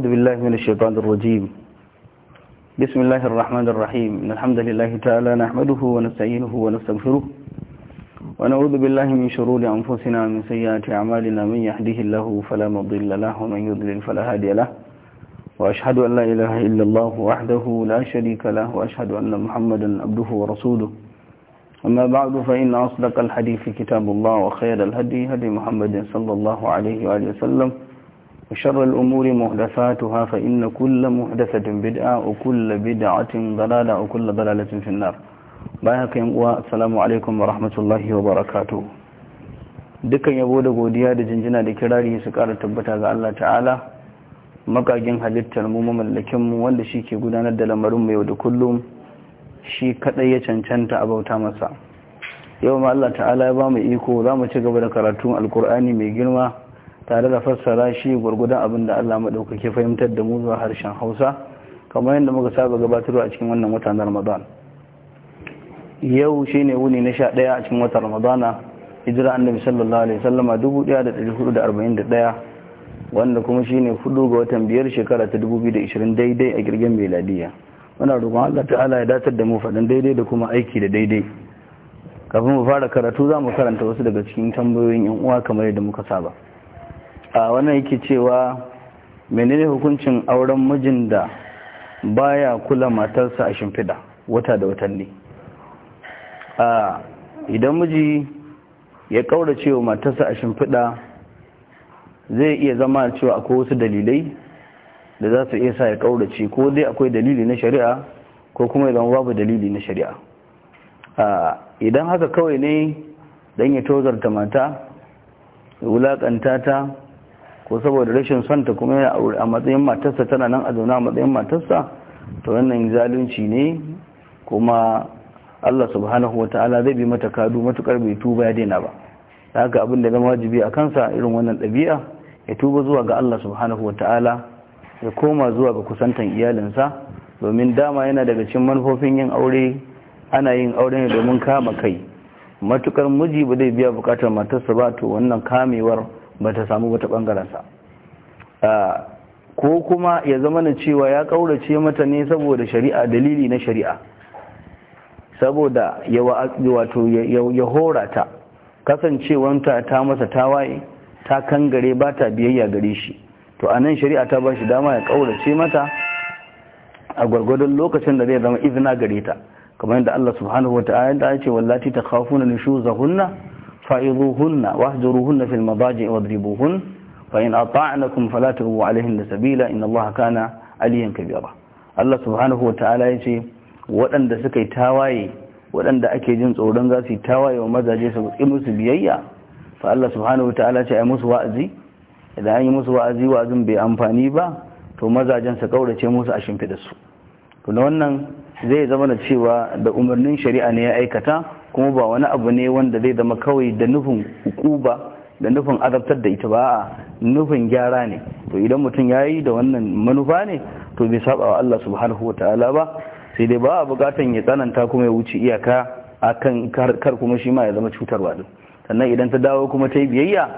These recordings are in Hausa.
أعوذ بالله من الشيطان الرجيم بسم الله الرحمن الرحيم إن الحمد لله تعالى نحمده ونستعينه ونستغفره ونعوذ بالله من شرور أنفسنا ومن سيئات أعمالنا من يهده الله فلا مضل له ومن يضلل فلا هادي له وأشهد أن لا إله إلا الله وحده لا شريك له وأشهد أن محمدا عبده ورسوله أما بعد فإن أصدق الحديث كتاب الله وخير الهدي هدي محمد صلى الله عليه وآله وسلم وشر الأمور محدثاتها فإن كل محدثة بدعة وكل بدعة ضلالة وكل ضلالة في uwa, Salamu السلام عليكم ورحمة wa وبركاته dukkan yabo da godiya da jinjina da kirari su ƙara tabbata ga Allah ta'ala makagin halittar mu mamallakin mu wanda shi ke gudanar da lamarin mu yau da kullum shi kadai ya cancanta a bauta masa yau ma Allah ta'ala ya ba mu iko za mu ci gaba da karatun alkur'ani mai girma tare da fassara shi gwargwadon abin da Allah maɗaukake fahimtar da mu zuwa harshen Hausa kamar yadda muka saba gabatarwa a cikin wannan watan Ramadan yau shine wuni na sha ɗaya a cikin watan Ramadana hijira annabi sallallahu alaihi wasallama 1441 wanda kuma shine hudu ga watan biyar shekara ta 2020 daidai a girgin meladiya muna roƙon Allah ta'ala ya datar da mu faɗin daidai da kuma aiki da daidai kafin mu fara karatu za mu karanta wasu daga cikin tambayoyin yan uwa kamar yadda muka saba a wannan yake cewa menene hukuncin auren mijin da baya kula matarsa a shimfiɗa wata da watanni a idan miji ya kaura cewa matarsa a shimfiɗa zai iya zama cewa akwai wasu dalilai da za su iya sa ya ce, ko dai akwai dalili na shari'a ko kuma ya zama babu dalili na shari'a A idan haka kawai ne don ya tozarta mata wulaƙanta ta ko saboda rashin son ta kuma yana aure a matsayin matarsa tana nan a zauna a matsayin matarsa to wannan zalunci ne kuma Allah subhanahu wa ta'ala zai bi mata kadu matukar bai tuba ya daina ba da haka abin da zama wajibi a kansa irin wannan ɗabi'a ya tuba zuwa ga Allah subhanahu wa ta'ala ya koma zuwa ga kusantan iyalinsa domin dama yana daga cikin manufofin yin aure ana yin aure ne domin kama kai matukar miji ba zai biya bukatar matarsa ba to wannan kamewar ba ta samu wata ɓangarensa ko kuma ya zama na cewa ya ƙaurace mata ne saboda shari'a dalili na shari'a saboda wato ya hora ta kasancewanta ta masa tawaye ta kangare ba ta biyayya gare shi to a nan shari'a ta ba shi dama ya ƙaurace mata a gwargwadon lokacin da zai zama izina gare ta kamar yadda Allah subhanahu wa ta'ala ya ce wallati takhafuna nushuzahunna فإضوهن واهجروهن في المضاجع واضربوهن فإن أطعنكم فلا تغوا عليهن سبيلا إن الله كان عليا كبيرا الله سبحانه وتعالى يجي waɗanda suka tawaye waɗanda ake jin tsoron za su yi tawaye wa mazaje su yi musu biyayya fa Allah subhanahu wa ta'ala ce ai musu wa'azi idan an yi musu wa'azi wa'azin bai amfani ba to mazajen su kaurace musu a shimfiɗa su to na wannan zai zama da cewa da umarnin shari'a ne ya aikata kuma ba wani abu ne wanda zai zama kawai da nufin hukuba da nufin azabtar da ita ba a nufin gyara ne to idan mutum ya yi da wannan manufa ne to bai saba wa Allah subhanahu wa ta'ala ba sai dai ba a bukatan ya tsananta kuma ya wuce iyaka akan kar kuma shi ma ya zama cutarwa din sannan idan ta dawo kuma ta yi biyayya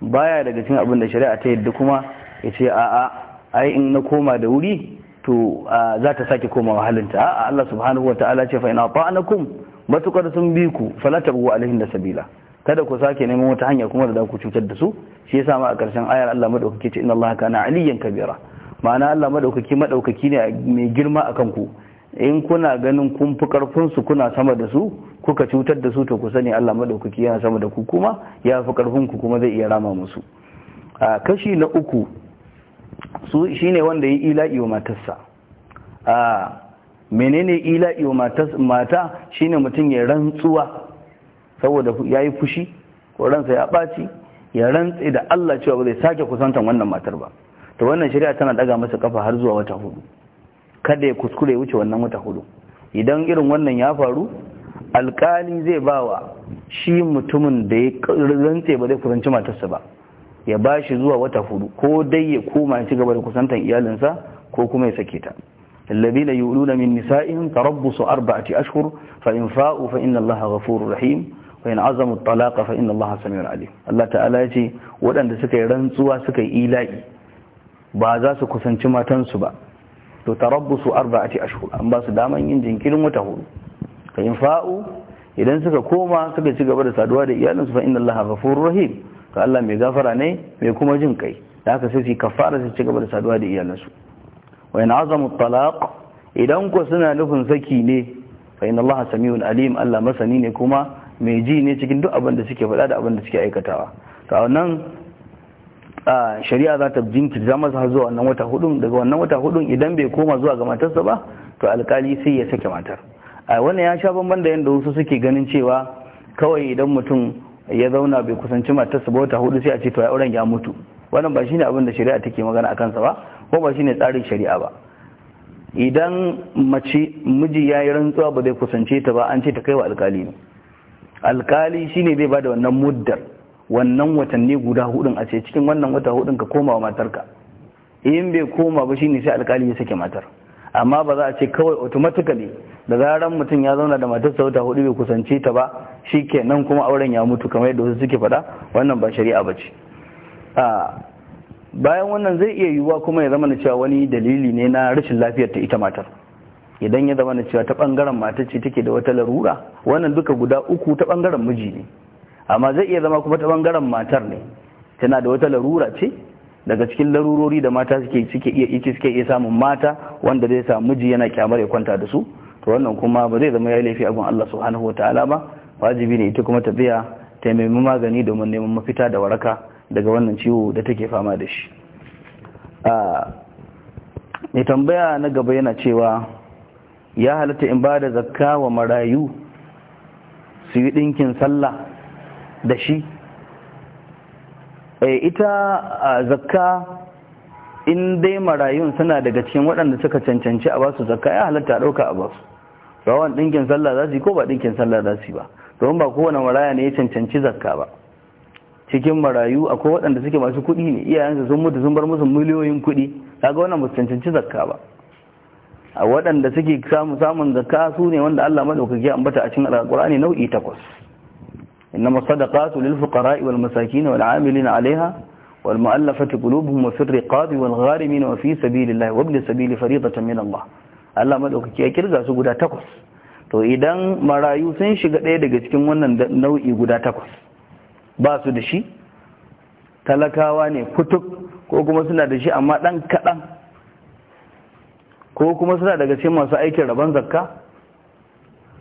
baya daga cikin abin da shari'a ta yadda kuma ya ce a'a ai in na koma da wuri to za ta sake komawa halinta a'a Allah subhanahu wa ta'ala ce fa ina ta'anakum matukar sun bi ku falatar wa alaihin da sabila kada ku sake neman wata hanya kuma da ku cutar da su shi yasa ma a karshen ayar Allah maɗaukaki ce inna Allah kana aliyan kabira ma'ana Allah madaukaki madaukaki ne mai girma akan ku in kuna ganin kun fi karfin kuna sama da su kuka cutar da su to ku sani Allah madaukaki yana sama da ku kuma ya fi karfin kuma zai iya rama musu a kashi na uku su shine wanda ya ila'i wa matarsa menene ila'i wa mata shine mutum ya rantsuwa saboda ya yi fushi ko ransa ya ɓaci ya rantse da Allah cewa ba zai sake kusantan wannan matar ba to wannan shari'a tana daga masa kafa har zuwa wata hudu kada ya kuskure wuce wannan wata hudu idan irin wannan ya faru alkali zai bawa shi mutumin da ya rantse ba zai kusanci matarsa ba ya ba shi zuwa wata hudu ko dai ya koma ya ci gaba da kusantan iyalinsa ko kuma ya sake ta الذين يؤلون من نسائهم تربص أربعة أشهر فإن فاءوا فإن الله غفور رحيم وإن عزموا الطلاق فإن الله سميع عليم الله تعالى يجي ودن سكي رنسوا سكي إيلائي بازا سكو سنشما تنسبا تربص أربعة أشهر أما سداما ينجن كلم وتهول فإن فاءوا idan suka koma suka ci gaba da saduwa da iyalinsu fa inna allaha ghafurur rahim ka Allah mai gafara ne mai kuma jin kai da haka sai su kafara su ci gaba da saduwa da iyalinsu wa in azamu talaq idan ku suna nufin saki ne fa inna allaha samiun alim allah masani ne kuma mai ji ne cikin duk abin da suke faɗa da abin da suke aikatawa to a wannan shari'a za ta jinki za masa zuwa wannan wata hudun daga wannan wata hudun idan bai koma zuwa ga matarsa ba to alkali sai ya sake matar a wannan ya sha bamban da yadda wasu suke ganin cewa kawai idan mutum ya zauna bai kusanci matarsa ba wata hudu sai a ce to ya auren ya mutu wannan ba shine abin da shari'a take magana akan sa ba ko ba ne tsarin shari'a ba idan mace miji ya yi rantsuwa ba zai kusance ta ba an ce ta kai wa alkali ne alkali shi ne zai ba da wannan muddar wannan watanni guda hudun a ce cikin wannan wata hudun ka koma wa matarka in bai koma ba shi ne sai alkali ya sake matar amma ba za a ce kawai automatically da zaran mutum ya zauna da matarsa wata hudu bai kusance ta ba shi kenan kuma auren ya mutu kamar yadda wasu suke faɗa wannan ba shari'a ba ce ah, bayan wannan zai iya yiwuwa kuma ya zama na cewa wani dalili ne na rashin lafiyar ta ita matar idan ya zama na cewa ta bangaren mata ce take da wata larura wannan duka guda uku ta bangaren miji ne amma zai iya zama kuma ta bangaren matar ne tana da wata larura ce daga cikin larurori da mata suke suke iya suke iya samun mata wanda zai sa miji yana kyamar ya kwanta da su to wannan kuma ba zai zama ya laifi abin Allah subhanahu wataala ba wajibi ne ita kuma ta biya ta nemi magani domin neman mafita da waraka daga wannan ciwo da take fama da shi mai tambaya na gaba yana cewa ya halatta in ba da zakka wa marayu su yi ɗinkin sallah da shi eh, ita zakka in dai marayun suna daga cikin waɗanda suka cancanci a basu zakka ya halatta a ɗauka a basu rawan ɗinkin sallah za su yi ko ba ɗinkin sallah za su yi ba domin ba kowane maraya ne ya cancanci zakka ba cikin marayu akwai waɗanda suke masu kuɗi ne iyayensu sun mutu sun bar musu miliyoyin kuɗi kaga wannan musu zakka ba a waɗanda suke samun zakka su ne wanda Allah madaukaki ambata a cikin ne nau'i takwas إنما الصدقات للفقراء والمساكين والعاملين عليها والمؤلفة قلوبهم وفي الرقاب والغارمين وفي سبيل الله وابن سبيل فريضة من ba. Allah madaukaki ya kirga su guda takwas to idan marayu sun shiga ɗaya daga cikin wannan nau'i guda takwas ba su da shi talakawa ne kutuk ko kuma suna da shi amma ɗan kaɗan ko kuma suna daga ce masu aikin rabon zakka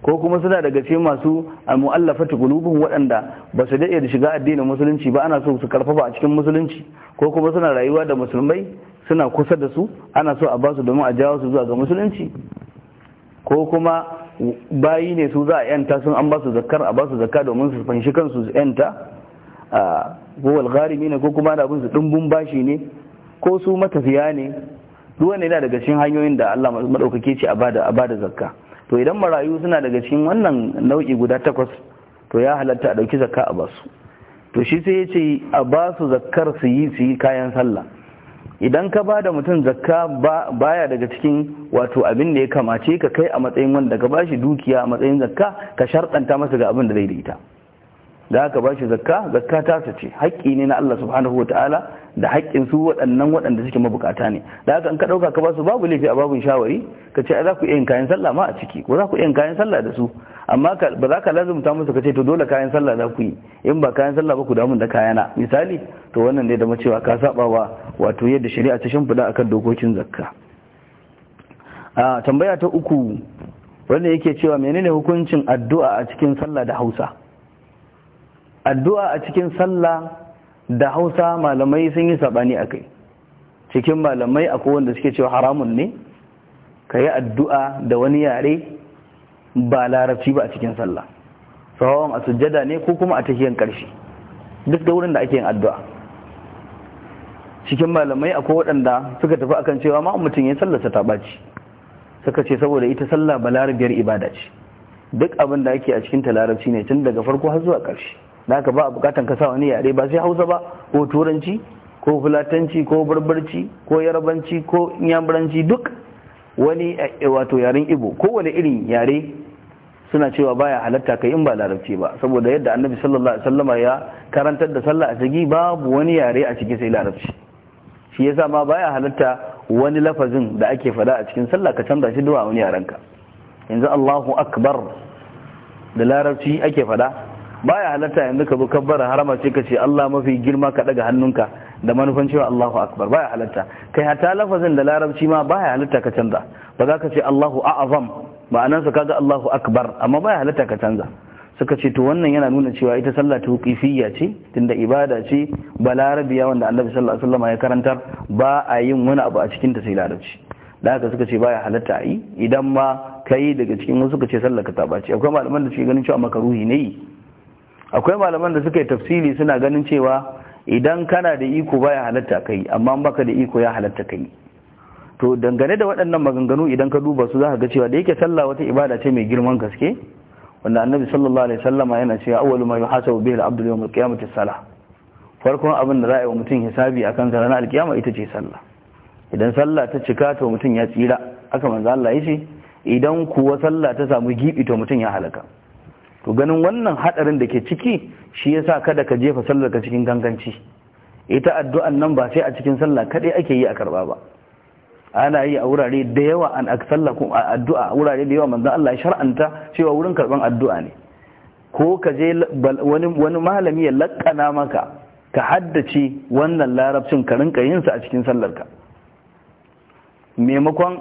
ko kuma suna daga ce masu almu'allafati gulubin waɗanda ba su daɗe da shiga addinin musulunci ba ana so su karfafa a cikin musulunci ko kuma suna rayuwa da musulmai suna kusa da su ana so a ba su domin a jawo su zuwa ga musulunci ko kuma bayi ne su za a yanta sun an ba su zakkar a ba su zakka domin su fanshi kansu su yanta a gowal garimi ne ko kuma da abin su dimbin bashi ne ko su matafiya ne duk yana daga cikin hanyoyin da Allah madaukake ce a bada zakka to idan marayu suna daga cikin wannan nau'i guda takwas to ya halatta a dauki zakka a basu to shi sai ya ce a basu zakkar su yi su yi kayan sallah idan ka ba da mutum zakka baya daga cikin wato abin da ya kamace ka kai a matsayin wanda ka bashi dukiya a matsayin zakka ka sharɗanta masa ga abin da zai da ita da aka ba shi zakka zakka ta ce haƙƙi ne na Allah subhanahu wataala da haƙƙin su waɗannan waɗanda suke mabukata ne da haka in ka ɗauka ka basu babu laifi a babun shawari ka ce za ku iya yin kayan sallah ma a ciki ko za ku iya yin kayan sallah da su amma ba za ka lazumta musu ka ce to dole kayan sallah za ku yi in ba kayan sallah ba ku damun da kayana misali to wannan ne da macewa ka saba wa wato yadda shari'a ta shimfiɗa akan dokokin zakka a tambaya ta uku wanda yake cewa menene hukuncin addu'a a cikin sallah da Hausa addu'a a cikin sallah da hausa malamai sun yi saɓani a kai cikin malamai akwai wanda suke cewa haramun ne ka yi addu'a da wani yare ba larabci ba a cikin sallah sawawan a sujjada ne ko kuma a tafiyan ƙarshe duk da wurin da ake yin addu'a cikin malamai a waɗanda suka tafi a kan cewa ma mutum ya sallarsa ta ɓaci suka ce saboda ita sallah ba larabiyar ibada ce duk abin da ake a cikin ta larabci ne tun daga farko har zuwa ƙarshe da aka ba a bukatan kasa sa wani yare ba sai hausa ba ko turanci ko fulatanci ko barbarci ko yarabanci ko yambaranci duk wani eh, wato yaren ibo kowane irin yare suna cewa baya halatta kai in ba larabci ba saboda yadda annabi sallallahu alaihi wasallama ya karantar da sallah a ciki babu wani yare a ciki sai larabci shi yasa ma baya halatta wani lafazin da ake fada a cikin sallah ka canza shi duwa wani yarenka yanzu Allahu akbar da larabci ake fada baya halatta yanzu ka zo kabbara harama sai ka ce Allah mafi girma ka daga hannunka da manufan cewa Allahu akbar baya halatta kai hatta lafazin da larabci ma baya halatta ka canza ba za ka ce Allahu a'azam sa kaga Allahu akbar amma baya halatta ka canza suka ce to wannan yana nuna cewa ita sallah ta huqifiyya ce tunda ibada ce ba larabiya wanda Annabi sallallahu alaihi wasallam ya karantar ba a yin wani abu a cikin ta sai larabci da haka suka ce baya halatta a yi idan ma kai daga cikin wasu suka ce sallaka ka ta bace akwai malaman da suke ganin cewa makaruhi ne akwai malaman da suka yi tafsiri suna ganin cewa idan kana da iko baya halatta kai amma baka da iko ya halatta kai to dangane da waɗannan maganganu idan ka duba su za ka ga cewa da yake sallah wata ibada ce mai girman gaske wanda annabi sallallahu alaihi wasallama yana cewa awwalu ma yuhasabu bihi al-abdu yawm al-qiyamati as-salah farkon abin da za a yi wa mutum hisabi akan sa ranar alkiyama ita ce sallah idan sallah ta cika to mutum ya tsira aka manzo Allah yace idan kuwa sallah ta samu gibi to mutum ya halaka to ganin wannan hadarin da ke ciki shi yasa kada ka jefa sallar ka cikin ganganci ita addu'an nan ba sai a cikin sallah kadai ake yi a karba ba ana yi a wurare da yawa an aksalla ko addu'a a wurare da yawa manzon Allah ya shar'anta cewa wurin karban addu'a ne ko ka je wani wani malami ya lakkana maka ka haddace wannan larabcin ka rinka yin sa a cikin sallar ka maimakon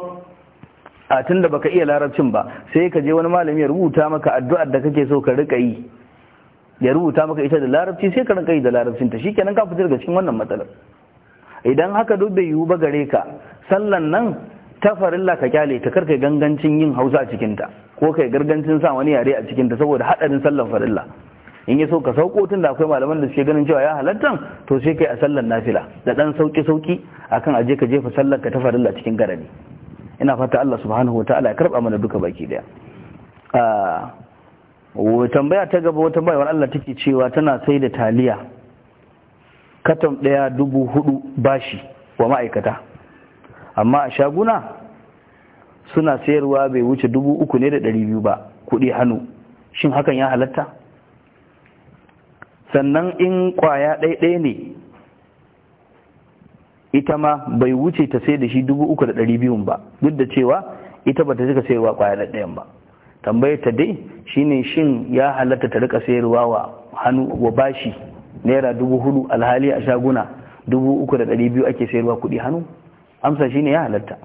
a tun da baka iya larabcin ba sai ka je wani malami ya rubuta maka addu'ar da kake so ka rika yi ya rubuta maka ita da larabci sai ka rika yi da larabcin ta shikenan ka fita daga cikin wannan matsalar idan haka duk bai yiwu ba gare ka sallan nan ta farilla ka kyale ta karkai gangancin yin hausa a cikin ta ko kai gargancin sa wani yare a cikin ta saboda hadarin sallan farilla in ya so ka sauko tun da akwai malaman da suke ganin cewa ya halatta to sai kai a sallan nafila da dan sauki sauki akan aje ka jefa sallar ka ta farilla cikin garari ina fata Allah subhanahu wataala ya karba mana duka baki daya tambaya ta gaba wata bayawar Allah take cewa tana sai da taliya katon daya dubu hudu bashi wa ma'aikata amma a shaguna suna sayarwa bai wuce dubu uku ne da ɗari biyu ba kuɗi hannu shin hakan ya halatta sannan in kwaya ɗaiɗai ne ita ma bai wuce ta sai da shi dubu uku da ɗari biyun ba duk da cewa ita ba ta cika sayarwa kwaya ɗayan ba tambayar ta dai shine shin ya halatta ta rika sayarwa wa hannu wa bashi naira dubu hudu alhali a shaguna dubu uku da ɗari biyu ake sayarwa kuɗi hannu amsa shine ya halatta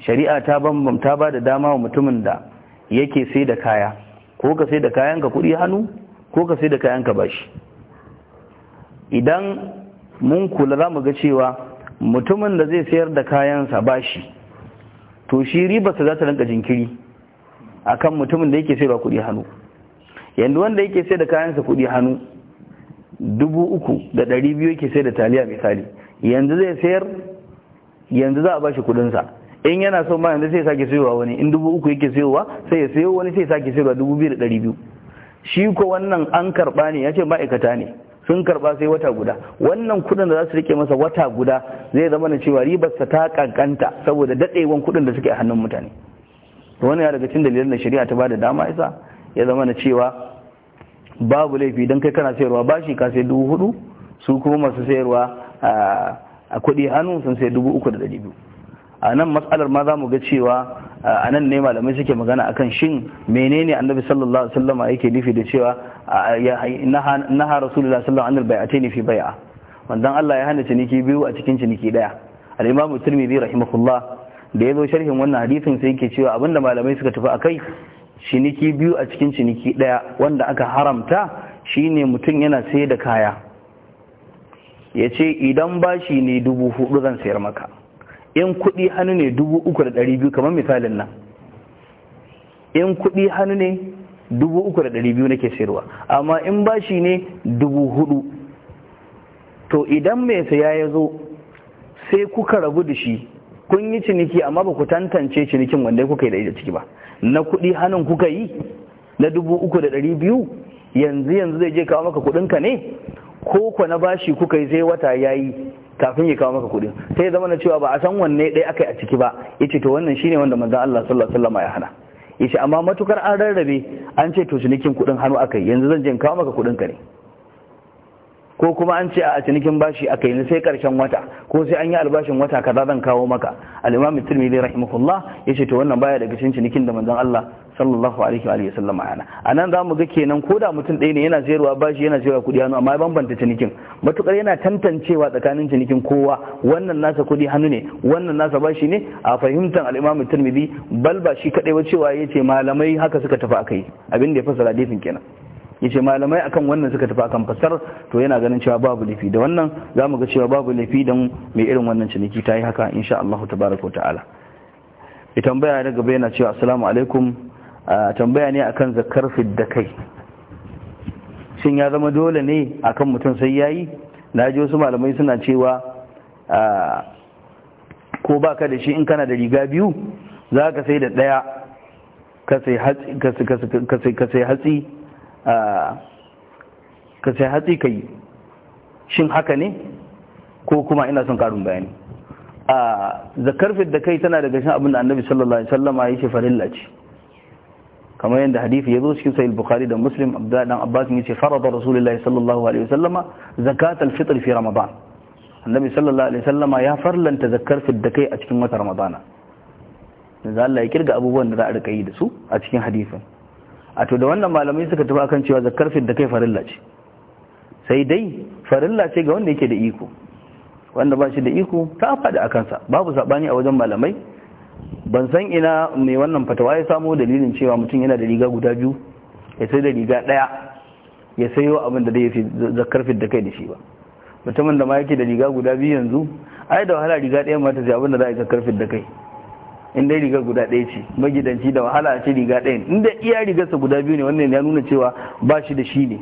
shari'a ta bambamta ba da dama wa mutumin da yake sai da kaya ko ka sai da kayan ka kuɗi hannu ko ka sai da kayan ka bashi idan mun kula za mu ga cewa mutumin da zai sayar da kayansa ba shi to shi ribarsa za ta rinka jinkiri a kan mutumin da yake sayarwa kuɗi hannu yanzu wanda yake sai da kayansa kuɗi hannu dubu uku da ɗari biyu yake sai da taliya misali yanzu zai sayar yanzu za a ba shi kuɗinsa in yana son ma yanzu sai ya sake sayowa wani in dubu uku yake sayowa sai ya sayo wani sai ya sake sayowa dubu biyu da ɗari biyu shi ko wannan an karɓa ne ya ce ma'aikata ne sun karba sai wata guda wannan kudin da za su rike masa wata guda zai zama na cewa ribarsa ta kankanta saboda dadewan kudin da suke a hannun mutane wani ya daga cikin dalilan da shari'a ta bada dama isa ya zama na cewa babu laifi dan kai kana sayarwa bashi ka sai dubu hudu su kuma masu sayarwa a kudi hannu sun sai dubu uku da dari biyu a nan matsalar ma za mu ga cewa a nan ne malamai suke magana akan shin menene annabi sallallahu alaihi wasallam yake nufi da cewa naha rasulullah sallallahu alaihi wasallam nufi fi bai'a wannan Allah ya hana ciniki biyu a cikin ciniki daya al-imam tirmidhi rahimahullah da zo sharhin wannan hadisin sai yake cewa abinda malamai suka tafi a kai ciniki biyu a cikin ciniki daya wanda aka haramta shine mutum yana sayar da kaya yace idan bashi ne dubu hudu zan sayar maka in kuɗi hannu ne dubu uku da ɗari biyu kamar misalin nan in kuɗi hannu ne dubu uku da ɗari biyu nake sayarwa amma in bashi ne dubu hudu to idan mai saya ya zo sai kuka rabu da shi kun yi ciniki amma ba ku tantance cinikin wanda kuka yi da ciki ba na kuɗi hannun kuka yi na dubu uku da ɗari biyu yanzu yanzu zai je kawo maka kuɗinka ne ko ku na bashi kuka yi sai wata yayi kafin ya kawo maka kuɗi. sai zama na cewa ba a san wanne ɗaya aka yi a ciki ba yace to wannan shine wanda manzon Allah sallallahu alaihi wasallam ya hana yace amma matukar an rarrabe an ce to cinikin kuɗin hannu aka yi yanzu zan je in kawo maka kuɗin ka ne ko kuma an ce a cinikin bashi aka yi sai karshen wata ko sai an yi albashin wata kaza zan kawo maka al-Imam Tirmidhi rahimahullah yace to wannan baya daga cikin cinikin da manzon Allah sallallahu alaihi wa sallam ana anan za mu ga kenan ko da mutum ɗaya ne yana sayarwa bashi yana sayarwa kuɗi hannu amma ya bambanta cinikin matukar yana tantancewa tsakanin cinikin kowa wannan nasa kuɗi hannu ne wannan nasa bashi ne a fahimtar al-Imam Tirmidhi bal ba shi kadai ba cewa yace malamai haka suka tafi akai abin da ya fassara hadisin kenan yace malamai akan wannan suka tafi akan fasar to yana ganin cewa babu laifi da wannan za mu ga cewa babu laifi dan mai irin wannan ciniki tayi haka insha Allah tabaaraka ta'ala ita tambaya gaba yana cewa assalamu alaikum tambaya ne akan zakar fidda kai shin ya zama dole ne akan mutum sai yayi na ji wasu malamai suna cewa ko baka da shi in kana da riga biyu za ka sai da ɗaya ka sai hatsi ka sai hatsi ka yi shin haka ne ko kuma ina son karin bayani a zakar da kai tana daga shan abin da annabi sallallahu alaihi wasallama ya ce farilla ce kamar yadda Hadithi ya zo cikin sahih bukhari da muslim abdullahi dan abbas yace farada rasulullahi sallallahu alaihi wasallama zakatul fitr fi ramadan annabi sallallahu alaihi wasallama ya farlanta zakar kai a cikin wata ramadana yanzu Allah ya kirga abubuwan da za a rika yi da su a cikin hadisin a to da wannan malamai suka tafi akan cewa zakar kai farilla ce sai dai farilla ce ga wanda yake da iko wanda ba shi da iko ta faɗi a kansa babu saɓani a wajen malamai ban san ina mai wannan fatawa ya samo dalilin cewa mutum yana da riga guda biyu ya sai da riga ɗaya ya sayo abin da ya fi zakar da kai da shi ba mutumin da ma yake da riga guda biyu yanzu ai da wahala riga ɗaya mata zai abin da za a yi da kai in dai riga guda ɗaya ce magidanci da wahala a ce riga ɗaya in da iya rigarsa guda biyu ne wannan ya nuna cewa ba shi da shi ne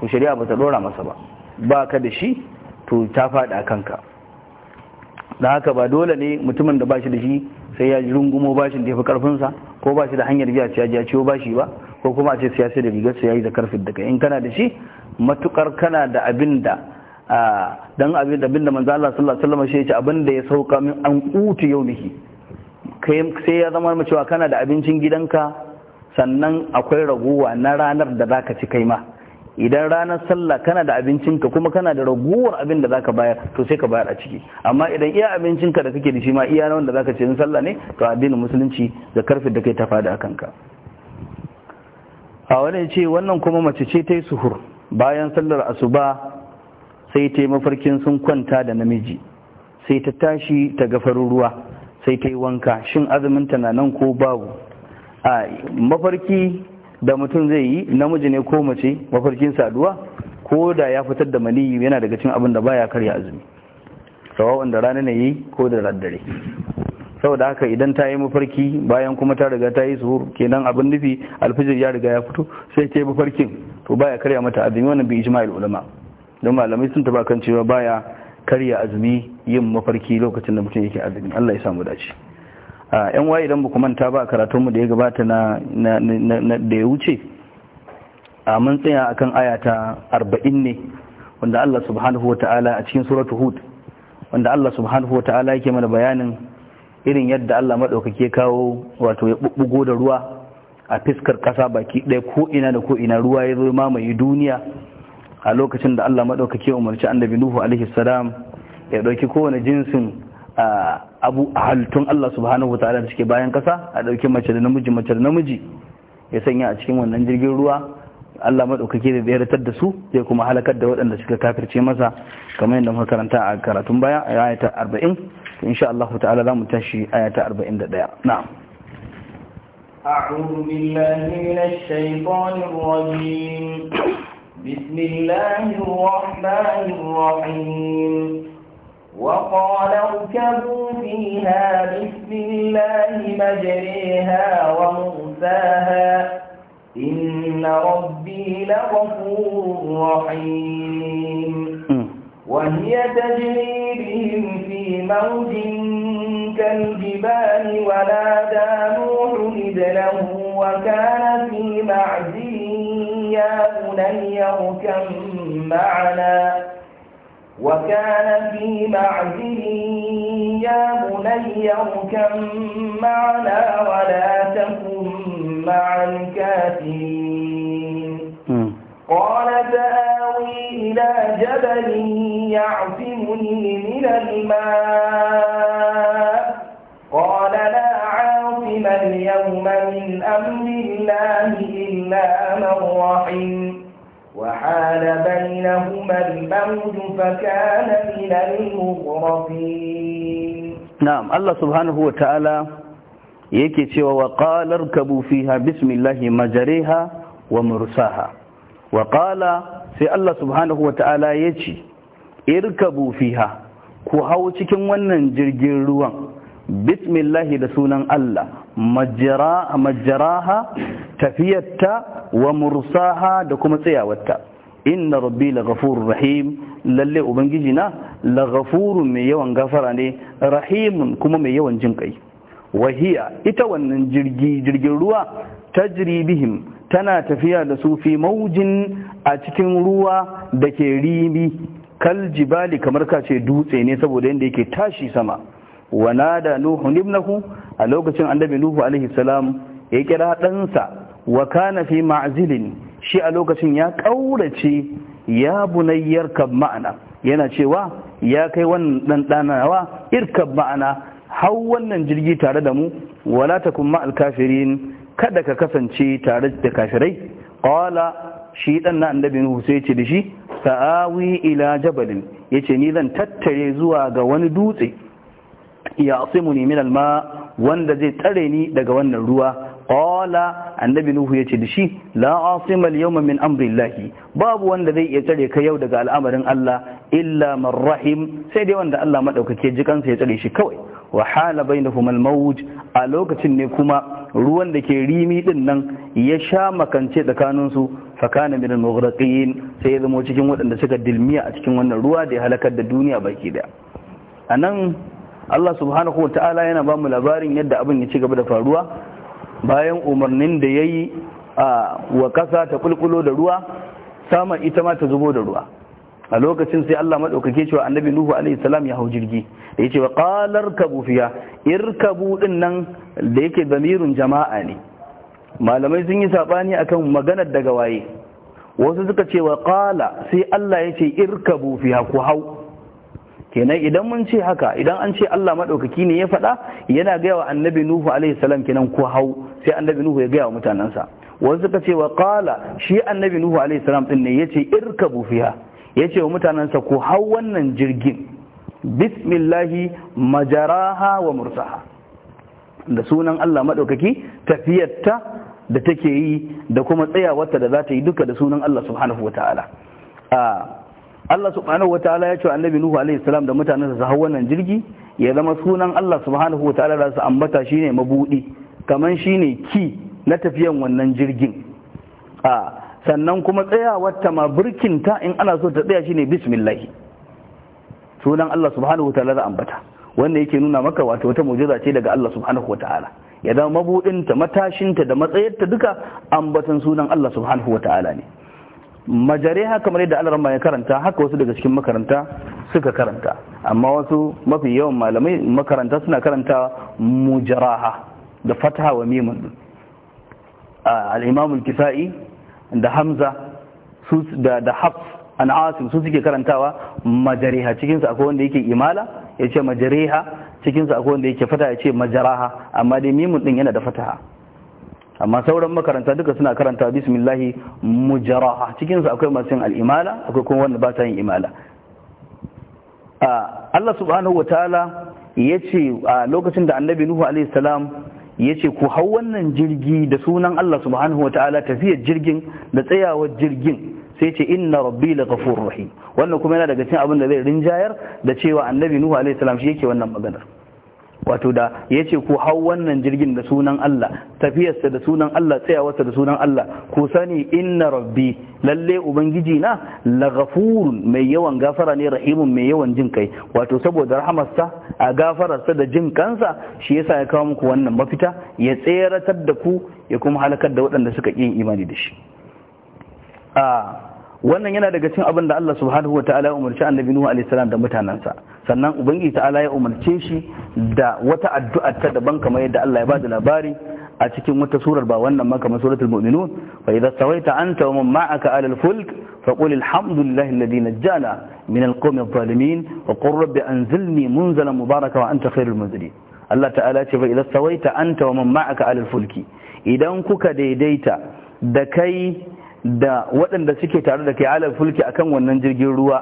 to shari'a ba ta ɗora masa ba ba ka da shi to ta faɗi a kanka da haka ba dole ne mutumin da bashi da shi sai ya rungumo bashin da ya fi karfinsa ko bashi da hanyar biya ya ya ciwo bashi ba ko kuma a ce siyasa da rigarsa ya yi da karfin daga in kana da shi matukar kana da abin da dan abin da abin da manzo Allah sallallahu alaihi wasallam shi ya ce abin da ya sauka min an kutu yau niki kai sai ya zama mu cewa kana da abincin gidanka sannan akwai raguwa na ranar da zaka ci kai ma idan ranar sallah kana da abincinka kuma kana da raguwar abin da zaka bayar to sai ka bayar a ciki amma idan iya abincinka da kake da shi ma iya na wanda zaka ce in sallah ne to addinin musulunci da karfin da kai ta fada akan ka a wani ce wannan kuma mace ce ta yi suhur bayan sallar asuba sai ta yi mafarkin sun kwanta da namiji sai ta tashi ta gafar ruwa sai ta yi wanka shin azumin ta na nan ko babu a mafarki da mutum zai yi namiji ne ko mace mafarkin saduwa ko da ya fitar da maniyi yana daga cin abin da baya karya azumi Sawa wanda rana ne yi ko da daddare saboda haka idan ta yi mafarki bayan kuma ta riga ta yi suhur kenan abin nufi alfijir ya riga ya fito sai ta yi mafarkin to baya karya mata azumi wannan bi ijma'il ulama don malamai sun taba kan cewa baya karya azumi yin mafarki lokacin da mutum yake azumi Allah ya samu dace yan waye idan baku manta ba karatunmu da ya gabata na da ya wuce a mun tsaya akan aya ta 40 ne wanda Allah subhanahu ta'ala a cikin suratu hud wanda Allah subhanahu ta'ala yake mana bayanin irin yadda Allah madaukake kawo wato ya bubbugo da ruwa a fiskar ƙasa baki ɗaya ko ina da ko ina ruwa ya zo mamaye duniya a lokacin da Allah madaukake umarci annabi Nuhu alaihi salam ya ɗauki kowane jinsin abu halittun Allah subhanahu wataala da suke bayan kasa a ɗauki mace da namiji mace da namiji ya sanya a cikin wannan jirgin ruwa Allah maɗaukaki da tseratar da su zai kuma halakar da waɗanda suka kafirce masa kamar yadda muka karanta a karatun baya a ayata 40 insha Allah ta'ala za mu tashi ayata 41 na'am أعوذ بالله من الشيطان الرجيم بسم الله الرحمن الرحيم وقال اركبوا فيها بسم الله مجريها ومرساها إن ربي لغفور رحيم وهي تجري بهم في موج كالجبال ونادى نوح ابنه وكان في معزي يا بني اركب معنا وكان في معزل يا بني اركب معنا ولا تكن مع الكافرين قال سآوي إلى جبل يعصمني من الماء قال لا عاصم اليوم من أمر الله إلا من رحم وحال بينهما الموج فكان من المغرقين نعم الله سبحانه وتعالى yake cewa wa qala rkabu fiha bismillahi majariha wa mursaha wa qala sai Allah subhanahu wataala yace irkabu fiha ku hau cikin wannan jirgin ruwan bismillahi da sunan Allah majaraha tafiyarta wa mursaha da kuma tsayawarta inna rabbi laghafurur rahim lalle ubangiji na laghafurun mai yawan gafara ne rahimun kuma mai yawan jin kai wahiya ita wannan jirgi jirgin ruwa tajri tana tafiya da su fi maujin a cikin ruwa da ke ribi. kal jibali kamar ka ce dutse ne saboda yadda yake tashi sama wana da nuhu ibnahu a lokacin annabi nuhu alaihi salam ya kira ɗansa wa kana fi ma'zilin shi a lokacin ya kaurace ya bunayyar kab ma'ana yana cewa ya kai wannan dan danawa irkab ma'ana hau wannan jirgi tare da mu wala takun ma'al kafirin kada ka kasance tare da kafirai qala shi dan na annabi Nuhu sai ce da shi sa'awi ila jabalin yace ni zan tattare zuwa ga wani dutse ya asimuni min alma wanda zai tare ni daga wannan ruwa qala annabi nuhu yace da shi la asima al yawma min amrillahi babu wanda zai iya tsare ka yau daga al'amarin Allah illa man rahim sai dai wanda Allah madaukake jikansa ya tsare shi kawai wa hala bainahuma al mawj a lokacin ne kuma ruwan da ke rimi din nan ya sha makance tsakaninsu fakana min al-mughraqin sai ya zama cikin waɗanda suka dilmiya a cikin wannan ruwa da ya halakar da duniya baki daya anan Allah subhanahu ta'ala yana ba mu labarin yadda abin ya ci gaba da faruwa bayan umarnin da ya yi wa ƙasa ta ƙulƙulo da ruwa sama ita ma ta zubo da ruwa a lokacin sai Allah maɗaukake cewa annabi Nuhu alaihi ya hau jirgi da ce wa ƙalar kabu fiya irkabu ɗin nan da yake damirin jama'a ne malamai sun yi saɓani akan maganar daga waye wasu suka ce wa ƙala sai Allah ya ce irkabu fiya ku hau kenan idan mun ce haka idan an ce Allah maɗaukaki ne ya faɗa yana gaya wa annabi Nuhu alaihi salam kenan ko hau sai annabi Nuhu ya gaya wa mutanensa wasu suka ce wa qala shi annabi Nuhu alaihi salam din ne yace irkabu ya ce wa mutanensa ko hau wannan jirgin bismillahi majaraha wa mursaha da sunan Allah maɗaukaki tafiyarta da take yi da kuma tsayawarta da za ta yi duka da sunan Allah subhanahu wa ta'ala ah, Allah subhanahu wataala ya ce annabi Nuhu alaihi salam da mutanensa su hau wannan jirgi ya zama sunan Allah subhanahu wataala da su ambata shine mabudi kaman shine ki na tafiyan wannan jirgin a sannan kuma tsayawar ta ma burkin ta in ana so ta tsaya shine bismillah sunan Allah subhanahu wataala da ambata wanda yake nuna maka wato wata mu'jiza ce daga Allah subhanahu wataala ya zama mabudinta matashinta da matsayarta duka ambatan sunan Allah subhanahu wataala ne majariha kamar yadda alarma ya karanta haka wasu daga cikin makaranta suka karanta amma wasu mafi yawan malamai makaranta suna karanta mujaraha da fataha wa mimun al-imam kisai da hamza da da hafs an asim su suke karantawa majareha, cikin akwai wanda yake imala yace majariha cikin su akwai wanda yake fataha yace majaraha amma dai mimun din yana da fataha amma sauran makaranta duka suna karanta bismillahi mujaraha cikinsu akwai masu yin al'imala akwai kuma wanda ba ta yin imala Allah subhanahu wa ta'ala ya ce a lokacin da annabi Nuhu alaihi salam ya ce ku hau wannan jirgi da sunan Allah subhanahu wa ta'ala tafiyar jirgin da tsayawar jirgin sai ce inna rabbi la ghafurur rahim wannan kuma yana daga cikin abin da zai rinjayar da cewa annabi Nuhu alaihi salam shi yake wannan maganar wato da ya ce ku hau wannan jirgin da sunan Allah tafiyarsa da sunan Allah tsayawarsa da sunan Allah ku sani inna rabbi lalle ubangiji na lagafurun mai yawan gafara ne rahimun mai yawan jin kai wato saboda rahamarsa a gafararsa da jin kansa shi yasa ya kawo muku wannan mafita ya tseratar da ku ya kuma halakar da waɗanda suka ƙi imani da shi ah, wannan yana daga cikin abin da Allah subhanahu wa ta'ala umarci annabi Nuhu alaihi salam da mutanansa sannan ubangiji ta'ala ya umarce shi da wata addu'a ta daban kamar yadda Allah ya bada labari a cikin wata surar ba wannan ma kamar suratul mu'minun fa idza sawaita anta wa man ma'aka alal fulk fa qul alhamdulillahi alladhi najjana min alqawmi adh-dhalimin wa qur rabbi anzilni munzalan mubaraka wa anta khairul munzilin Allah ta'ala ce fa idza sawaita anta wa man ma'aka alal fulki idan kuka daidaita da kai da waɗanda suke tare da kai alal fulki akan wannan jirgin ruwa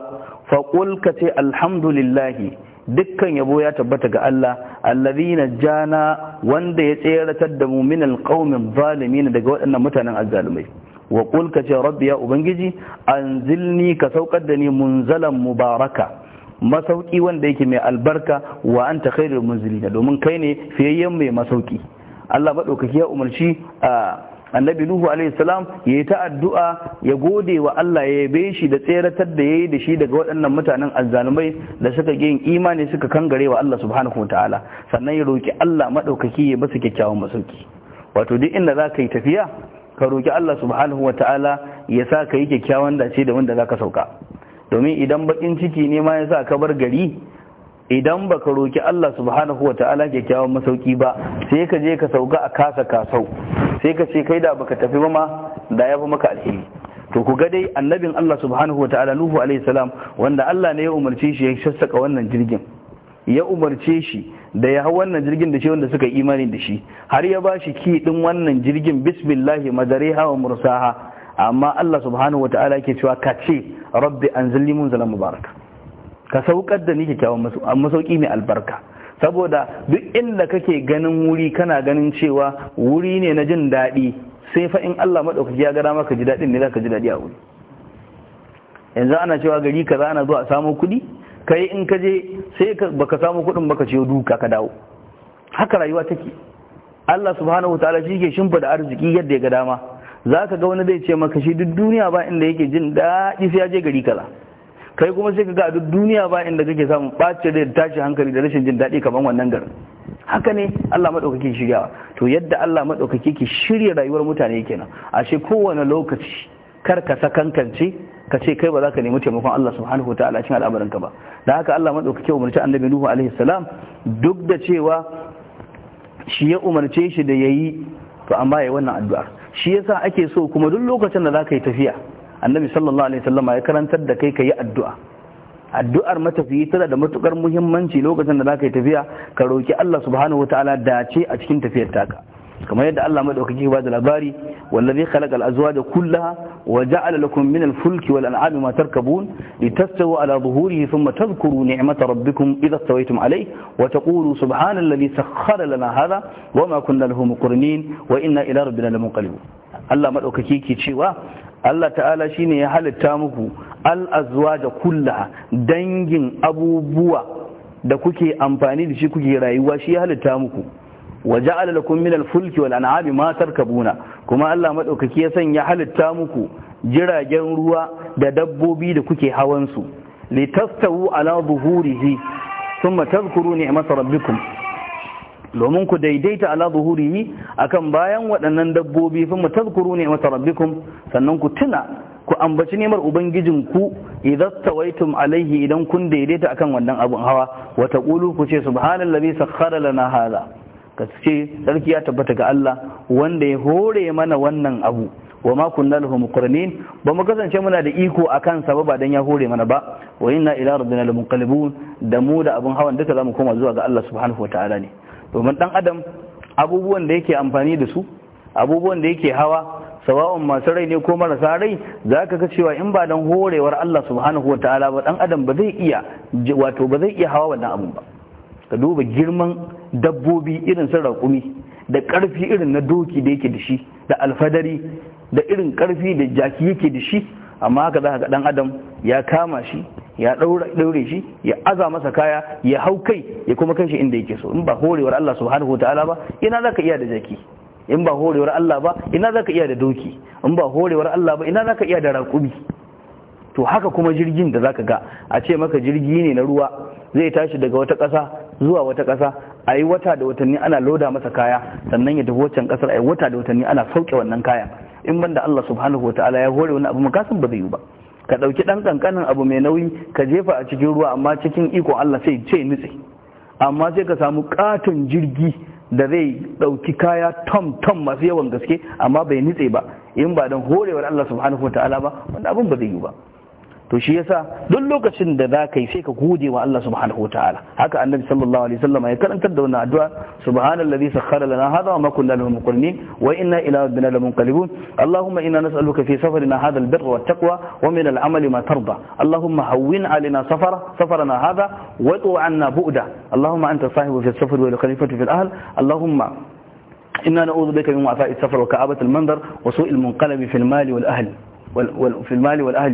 faƙul ka ce alhamdulillahi dukkan yabo ya tabbata ga Allah allazina jana wanda ya tseratar da mu min alqaumin zalimin daga waɗannan mutanen azzalumai wa qul ka ce rabbi ya ubangiji anzilni ka saukar da ni munzalan mubaraka masauki wanda yake mai albarka wa anta khairul munzilina domin kai ne fiyayyen mai masauki Allah maɗaukaki ya umarci a annabi nuhu alayhi salam ya yi ta addu'a ya gode wa Allah ya yabe shi da tseratar da yayi da shi daga waɗannan mutanen azzalumai da suka yin imani suka kangare wa Allah subhanahu wataala sannan ya roki Allah madaukaki ya basu kyakkyawan masauki wato duk inda za ka yi tafiya ka roki Allah subhanahu wataala ya sa ka yi kyakkyawan dace da wanda za ka sauka domin idan bakin ciki ne ma ya sa ka bar gari idan baka roki Allah subhanahu wataala kyakkyawan masauki ba sai ka je ka sauka a kasa kasau sai ka ce kai da baka tafi ba ma da ya fi maka alheri to ku ga dai annabin Allah subhanahu wataala Nuhu alaihi salam wanda Allah ne ya umarce shi ya sassaka wannan jirgin ya umarce shi da ya hau wannan jirgin da shi wanda suka imani da shi har ya ba shi ki din wannan jirgin bismillahi madariha wa mursaha amma Allah subhanahu wataala yake cewa ka ce rabbi anzilni munzalan mubarak ka saukar da ni kyakkyawan masauki mai albarka saboda duk inda kake ganin wuri kana ganin cewa wuri ne na jin daɗi sai fa in Allah maɗaukaki ya gara maka ji daɗin ne za ka ji daɗi a wuri yanzu ana cewa gari ka ana zuwa samun kuɗi kai in ka je sai baka samu kuɗin ka ciyo duka ka dawo haka rayuwa take Allah subhanahu Ta'ala shi ke shimfida arziki yadda ya ga dama Za ka ga wani zai ce maka shi duk duniya ba inda yake jin daɗi sai ya je gari kaza kai kuma sai ka ga a duk duniya ba inda kake samun bace da tashi hankali da rashin jin daɗi kamar wannan garin haka ne Allah maɗaukaki shigawa to yadda Allah maɗaukaki ke shirya rayuwar mutane kenan ashe kowane lokaci kar ka sakankance ka ce kai ba za ka nemi taimakon Allah subhanahu wataala cikin ka ba da haka Allah maɗaukaki umarci annabi Nuhu alaihi salam duk da cewa shi ya umarce shi da yayi to amma yayi wannan addu'ar shi yasa ake so kuma duk lokacin da za ka yi tafiya annabi sallallahu alaihi wasallama ya karantar da kai kayi addu'a addu'ar matafiyi tana da matukar muhimmanci lokacin da zaka yi tafiya ka roki Allah subhanahu wataala dace a cikin tafiyar taka kamar yadda Allah madaukaki ba da labari wallazi khalaqal azwaja kullaha wa ja'ala lakum min al-fulki wal an'ami ma tarkabun litastawu ala zuhurihi thumma tadhkuru ni'mata rabbikum idha stawaytum alayhi wa taqulu subhana alladhi sakhkhara lana hadha wa ma kunna lahu muqrinin wa inna ila rabbina lamunqalibun Allah madaukaki ke cewa Allah ta'ala shine ya halitta muku al'azuwa da kulla dangin abubuwa da kuke amfani da shi kuke rayuwa shi ya halitta muku wa ja'ala lakum min al-fulki wal an'ami matar kabuna kuma Allah maɗaukaki ya sanya halitta muku jiragen ruwa da dabbobi da kuke hawan su litastawu ala zuhurihi thumma tadhkuru ni'mat rabbikum domin ku daidaita ala zuhurihi akan bayan waɗannan dabbobi fa mutazkuru ne mata rabbikum sannan ku tuna ku ambaci nemar ubangijinku idan tawaitum alaihi idan kun daidaita akan wannan abun hawa wa taqulu ku ce subhanallazi sakhkhara lana hadha ka ce sarki ya tabbata ga Allah wanda ya hore mana wannan abu wa ma kunna lahu muqrinin ba mu kasance muna da iko akan sa ba dan ya hore mana ba wa inna ila rabbina lamunqalibun da mu da abun hawan duka zamu koma zuwa ga Allah subhanahu wataala ne domin ɗan adam abubuwan da yake amfani da su abubuwan da yake hawa sawa'un masu rai ne ko marasa rai za ka ga cewa in ba don horewar Allah subhanahu ta'ala ba dan adam ba zai iya wato ba zai iya hawa wannan abun ba ka duba girman dabbobi irin su raƙumi da ƙarfi irin na doki da yake da shi da alfadari da irin ƙarfi da jaki yake da shi amma haka za ka ga dan adam ya kama shi ya daure shi ya aza masa kaya ya hau kai ya kuma kai shi inda yake so in ba horewar Allah subhanahu wataala ba ina zaka iya da jaki in ba horewar Allah ba ina zaka iya da doki in ba horewar Allah ba ina zaka iya da raƙumi to haka kuma jirgin da zaka ga a ce maka jirgi ne na ruwa zai tashi daga wata ƙasa zuwa wata ƙasa a yi wata da watanni ana loda masa kaya sannan ya tafi wancan ƙasar a yi wata da watanni ana sauke wannan kaya in banda Allah subhanahu wa ta'ala ya hore wani abu makasin ba zai yi ba ka ɗauki ɗan ƙanƙanin abu mai nauyi ka jefa a cikin ruwa amma cikin ikon Allah sai ce nutse amma sai ka samu ƙaton jirgi da zai ɗauki kaya tom tom masu yawan gaske amma bai nutse ba in ba don horewar Allah subhanahu wa ta'ala ba wanda abin ba zai yi ba to shi yasa duk lokacin da za ka yi sai ka gode wa Allah subhanahu wa ta'ala haka annabi sallallahu alaihi wasallam ya karantar da wannan addu'a subhanallazi sakhkhara lana hadha wa ma kunna lahu muqrinin wa inna ila rabbina lamunqalibun allahumma inna nas'aluka fi safarina hadha albirra wattaqwa wa min al'amali ma tarda allahumma hawwin alaina safara safarana hadha wa tu 'anna bu'da allahumma anta sahibu fi as-safar wa khalifatu fi al-ahl allahumma إنا نعوذ بك من وعثاء السفر وكآبة المنظر وسوء المنقلب في المال والأهل في المال والأهل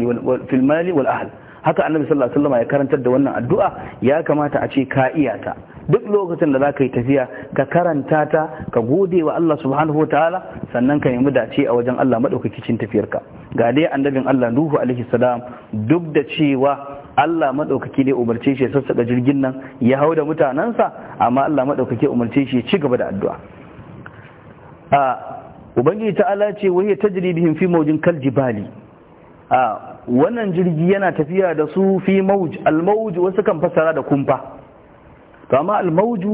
في المال والأهل haka annabi sallallahu alaihi wasallam ya karantar da wannan addu'a ya kamata a ce ka iyata duk lokacin da zaka yi tafiya ka karanta ta ka gode wa Allah subhanahu wataala sannan ka nemi dace a wajen Allah madaukaki tafiyar tafiyarka ga dai annabin Allah Nuhu alaihi salam duk da cewa Allah madaukaki ne umarce shi ya sassaka jirgin nan ya hau da mutanansa amma Allah madaukaki umarce shi ya ci gaba da addu'a ubangiji ta'ala ce wa hiya tajri bihim fi mawjin kal jibali a wannan jirgi yana tafiya da su fi mawj al mawj wasu kan fassara da kumfa to amma al mawj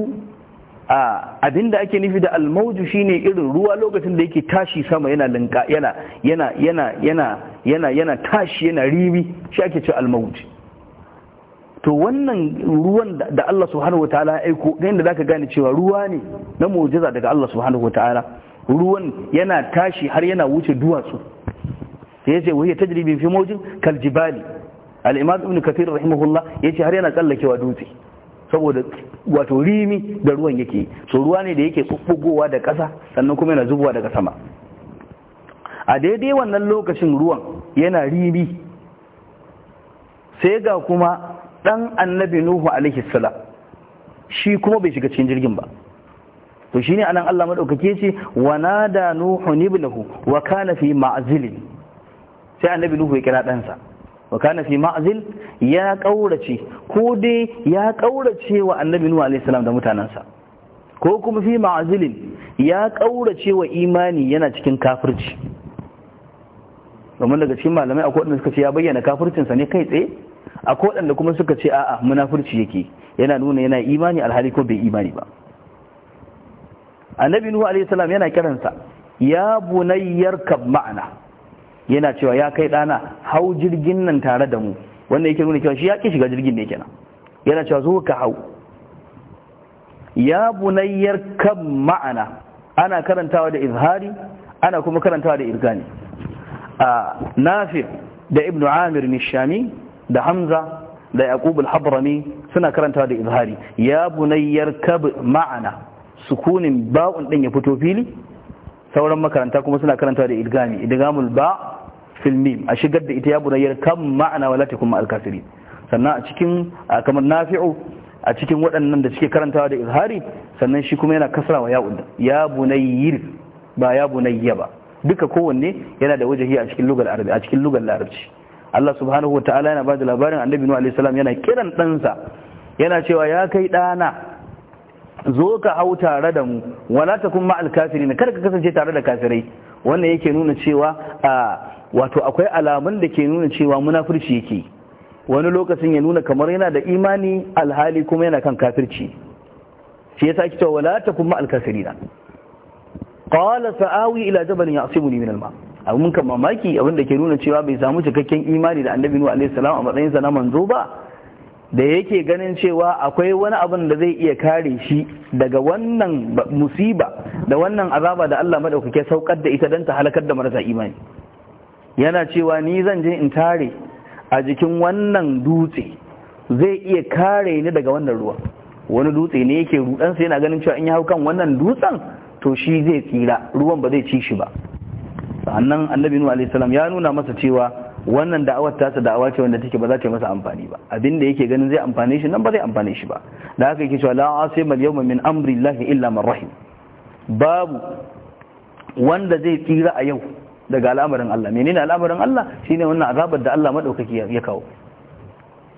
a abinda ake nufi da al mawj shine irin ruwa lokacin da yake tashi sama yana linka yana yana yana yana yana yana tashi yana ribi shi ake cewa al mawj to wannan ruwan da Allah subhanahu wataala ya aiko da inda zaka gane cewa ruwa ne na mu'jiza daga Allah subhanahu wataala ruwan yana tashi har yana wuce duwatsu sai yace wahiya tajribi fi mawjin kal jibali al-imam ibn kathir rahimahullah ce har yana tsallakewa dutse saboda wato rimi da ruwan yake so ruwa ne da yake bubbugowa da kasa sannan kuma yana zubowa daga sama a daidai wannan lokacin ruwan yana rimi sai ga kuma ɗan annabi nuhu alaihi salam shi kuma bai shiga cikin jirgin ba to shine anan Allah madaukake ce wa nada nuhu wa kana fi sai annabi nuhu ya kira ɗansa wa kana fi ma'zil ya kaurace ko dai ya kaurace wa annabi nuhu alaihi salam da mutanansa ko kuma fi ma'zilin ya kaurace wa imani yana cikin kafirci domin daga cikin malamai akwai wanda suka ce ya bayyana kafircinsa ne kai tsaye akwai wanda kuma suka ce a'a munafurci yake yana nuna yana imani alhali ko bai imani ba annabi nuhu alayhi salam yana kiransa ya bunayyar kab ma'ana yana cewa ya kai dana hau jirgin nan tare da mu wanda yake nuna cewa shi ya ki shiga jirgin ne kenan yana cewa zo ka hau ya bunayyar kab ma'ana ana karantawa da izhari ana kuma karantawa da irgani a nafi da ibnu amir nishami da hamza da yaqub al habrami suna karantawa da izhari ya bunayyar kab ma'ana sukunin ba'un din ya fito fili sauran makaranta kuma suna karanta da idgami idgamul ba fil mim a shigar da ita ya bunayyar kan ma'ana wala takum al kafirin sannan a cikin kamar nafi'u a cikin waɗannan da suke karantawa da izhari sannan shi kuma yana kasrawa ya unda ya bunayyir ba ya bunayya ba duka kowanne yana da wajahi a cikin lugar arabi a cikin lugar larabci Allah subhanahu wa ta'ala yana ba da labarin annabi nuhu alaihi salam yana kiran ɗansa yana cewa ya kai ɗana zo ka hau tare da mu wala kuma ma'al na kar ka kasance tare da kafirai wannan yake nuna cewa a wato akwai alamun da ke nuna cewa munafurci yake wani lokacin ya nuna kamar yana da imani alhali kuma yana kan kafirci shi yasa ake cewa wala kuma alkafiri na. qala sa'awi ila jabalin ya'simuni min al-ma' abun kan mamaki abin da ke nuna cewa bai samu cikakken imani da annabi nuhu alaihi salam a matsayin sa na manzo ba da yake ganin cewa akwai wani abin da zai iya kare shi daga wannan musiba da wannan azaba da Allah maɗaukake saukar da ita don ta halakar da marasa imani yana cewa ni zan je in tare a jikin wannan dutse zai iya kare ni daga wannan ruwa wani dutse ne yake rudansa yana ganin cewa in ya hau wannan dutsen to shi zai tsira ruwan ba zai ci shi ba sannan annabi nuhu alaihi ya nuna masa cewa wannan da'awar tasa da'awa ce wanda take ba za ta masa amfani ba abinda yake ganin zai amfane shi nan ba zai amfane shi ba da haka yake cewa la'a sai mal yawma min amri llahi illa man rahim babu wanda zai tsira a yau daga al'amarin Allah menene al'amarin Allah shine wannan azabar da Allah madaukaki ya kawo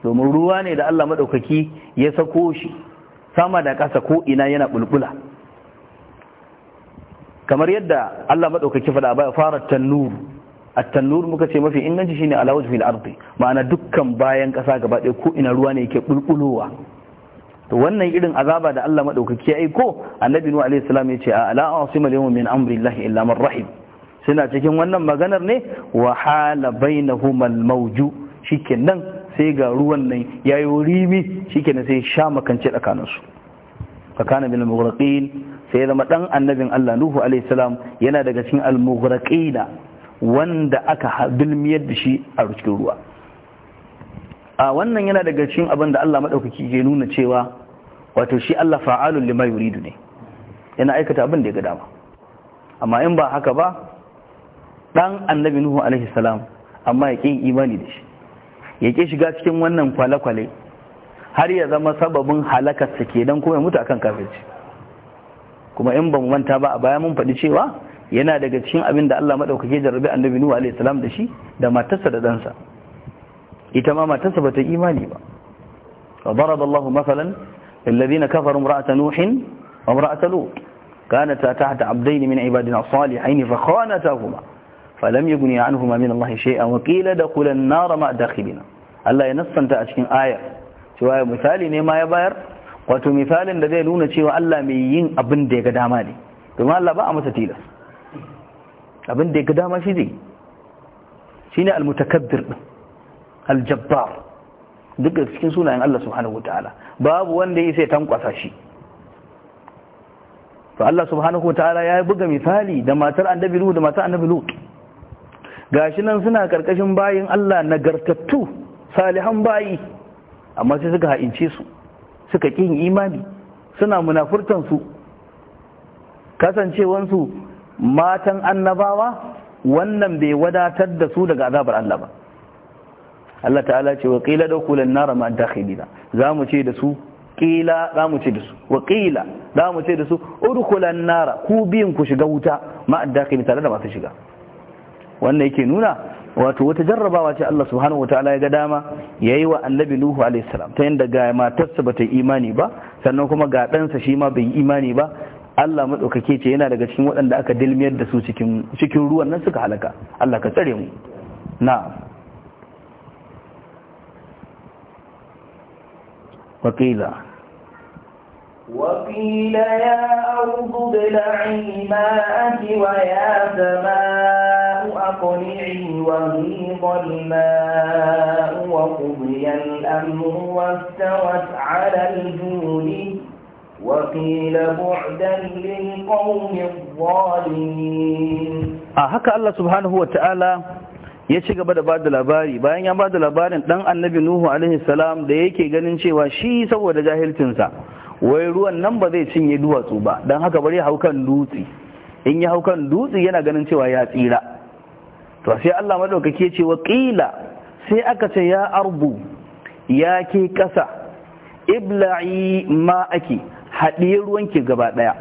domin ruwa ne da Allah madaukaki ya sako shi sama da kasa ko ina yana bulbula kamar yadda Allah madaukaki fada ba fara tannuru at-tannur muka ce mafi inganci shine ala wajhil ardi ma'ana dukkan bayan kasa gaba ɗaya ko ina ruwa ne yake bulbulowa to wannan irin azaba da Allah madaukaki ya aiko annabi nuhu alaihi salam ya ce ala asima al min amri llahi illa man rahim suna cikin wannan maganar ne wa hala bainahuma al-mawju shikenan sai ga ruwan nan yayi rimi shikenan sai sha makance tsakaninsu fakana bil mughraqin sai zama dan annabin Allah Nuhu alaihi salam yana daga cikin al-mughraqina wanda aka dulmiyar da shi a cikin ruwa a wannan yana daga cikin abin da Allah maɗaukaki ke nuna cewa wato shi Allah fa'alun lima yuridu ne yana aikata abin da ya ga dama amma in ba haka ba ɗan annabi nuhu alaihi salam amma ya ƙin imani da shi ya ƙi shiga cikin wannan kwale-kwale har ya zama sababin halakarsa ke don kuma ya mutu akan kafirci kuma in ba mu manta ba a baya mun faɗi cewa yana daga cikin abin da Allah madaukake da rabi annabi nuhu alaihi salam da shi da matarsa da dansa ita ma matarsa bata imani ba wa daraba Allahu mathalan alladhina kafaru imra'at nuhin wa imra'at lut kanat tahta abdayn min ibadina salihin fa khanatahuma falam yughni anhuma min Allah shay'an wa qila dakhulan nar ma dakhilina Allah ya nassanta a cikin aya cewa misali ne ma ya bayar wato misalin da zai nuna cewa Allah mai yin abin da ya ga dama ne domin Allah ba a masa tilas abin da ya ga dama shi zai shi ne almutakabbir ɗin aljabbar duk da cikin sunayen Allah subhanahu wataala babu wanda ya sai tankwasa shi to Allah subhanahu wataala ya buga misali da matar annabi Lut da matar annabi Lut gashi nan suna karkashin bayin Allah nagartattu salihan bayi amma sai suka haince su suka kin imani suna munafurtan su kasancewansu matan annabawa wannan bai wadatar da su daga azabar Allah ba Allah ta'ala ce wa qila dakhulun nar ma dakhilina zamu ce da su qila zamu ce da su wa qila zamu ce da su nar ku biyin ku shiga wuta ma dakhilina tare da masu shiga wannan yake nuna wato wata jarrabawa ce Allah subhanahu wataala ya ga dama yayi wa annabi nuhu alayhi salam ta yanda ga matarsa bata imani ba sannan kuma ga sa shi ma bai imani ba Allah maɗaukake ce yana daga cikin waɗanda aka dilmiyar da su cikin ruwan nan suka halaka Allah ka tsare mu na wakila wakila ya arzu bila'i ma'aki wa ya sama'u akuni'i wa hiqal ma'u wa qudiya al ta wa stawat 'ala al-juli وقيل بعدا للقوم الظالمين haka Allah subhanahu wa ta'ala ya ci gaba da bada labari bayan ya ba da labarin dan annabi Nuhu alaihi salam da yake ganin cewa shi saboda jahilcinsa wai ruwan nan ba zai cinye duwatsu ba Dan haka bari ya haukan dutsi. in ya haukan kan dutse yana ganin cewa ya tsira to sai Allah madaukake ce wa qila sai aka ce ya arbu ya ke kasa ibla'i ma ake haɗe ruwanki gaba ɗaya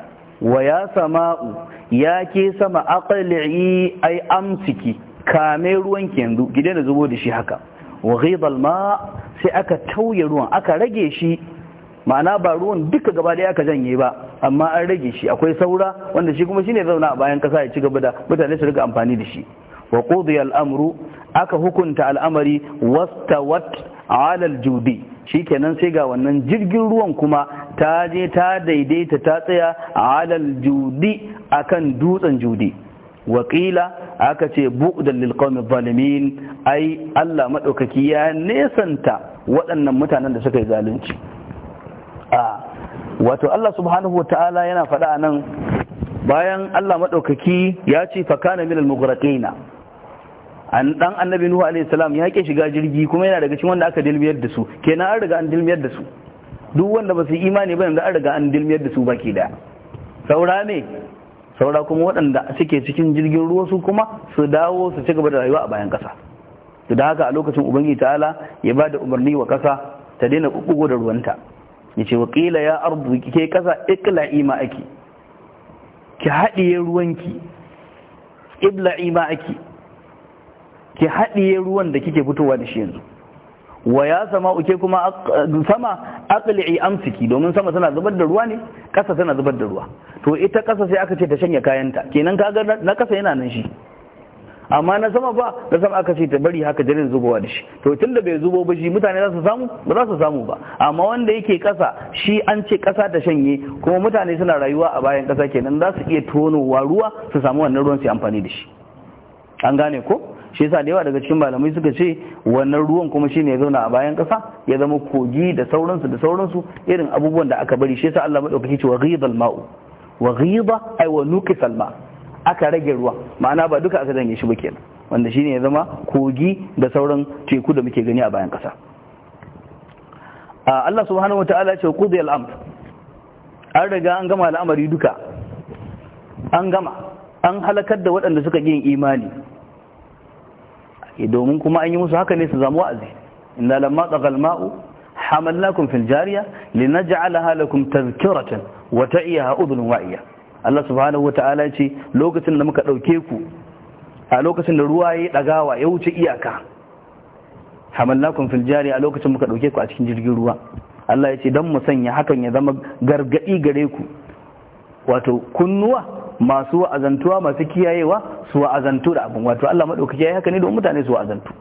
wa ya sama'u ya ke sama aqli'i ai amsiki kame ruwanki yanzu gidan da zubo da shi haka wa ghidal ma sai aka tauye ruwan aka rage shi ma'ana ba ruwan duka gaba ɗaya aka janye ba amma an rage shi akwai saura wanda shi kuma shine zauna a bayan kasa ya ci gaba da mutane su riga amfani da shi wa qudiya al-amru aka hukunta al'amari wastawat alal judi shikenan sai ga wannan jirgin ruwan kuma ta je ta daidaita ta tsaya alal judi akan dutsen judi Wakila aka ce bu'dan lil qawmi zalimin ai Allah madaukaki ya nesanta waɗannan mutanen da suka yi zalunci a wato Allah subhanahu wata'ala yana faɗa nan bayan Allah madaukaki ya ce fa kana minal mughraqina an dan annabi nuhu alayhi salam ya ke shiga jirgi kuma yana daga cikin wanda aka dilmiyar da su kenan an riga an dilmiyar da su duk wanda ba su imani ba da an riga an dilmiyar da su baki da saura ne saura kuma waɗanda suke cikin jirgin ruwa su kuma su dawo su ci gaba da rayuwa a bayan ƙasa to da haka a lokacin ubangiji ta'ala ya ba da umarni wa ƙasa ta daina kukkugo da ruwanta ya ce Wakila ya ki ke ƙasa ima ake ki haɗiye ruwanki ima ake ki haɗiye ruwan da kike fitowa da shi yanzu wa ya sama uke kuma sama aqli'i amsiki domin sama tana zubar da ruwa ne ƙasa tana zubar da ruwa to ita ƙasa sai aka ce ta shanya kayanta kenan kaga na ƙasa yana nan shi amma na sama ba na sama aka ce ta bari haka jirin zubowa da shi to tun da bai zubo ba shi mutane za su samu ba za su samu ba amma wanda yake ƙasa shi an ce ƙasa ta shanye kuma mutane suna rayuwa a bayan ƙasa kenan za su iya tonowa ruwa su samu wannan ruwan su amfani da shi an gane ko shi yasa da yawa daga cikin malamai suka ce wannan ruwan kuma shi ne ya zauna a bayan kasa ya zama kogi da sauransu da sauransu irin abubuwan da aka bari shi yasa Allah madaukaki ce wa ghidal ma'u wa ghidha ay wa al ma aka rage ruwa ma'ana ba duka aka danye shi ba kenan wanda ne ya zama kogi da sauran teku da muke gani a bayan kasa Allah subhanahu ta'ala ce qudi al-amr an riga an gama al'amari duka an gama an halakar da waɗanda suka yin imani Eh, domin kuma an yi musu haka ne su zama wa'azi inna lamma tsagal ma'u Lina fil jariya linaj'alaha lakum tadhkiratan Wata iya udhun wa'iya Allah subhanahu wata'ala ce lokacin da muka ɗauke ku a lokacin da ruwa ya dagawa ya wuce iyaka hamalnakum fil jariya a lokacin muka dauke ku a cikin jirgin ruwa Allah ya ce dan mu sanya hakan ya zama gargadi gare ku wato kunnuwa masu wa'azantuwa masu kiyayewa su wa'azantu da abin wato Allah madaukaki yayi haka ne don mutane su wa'azantu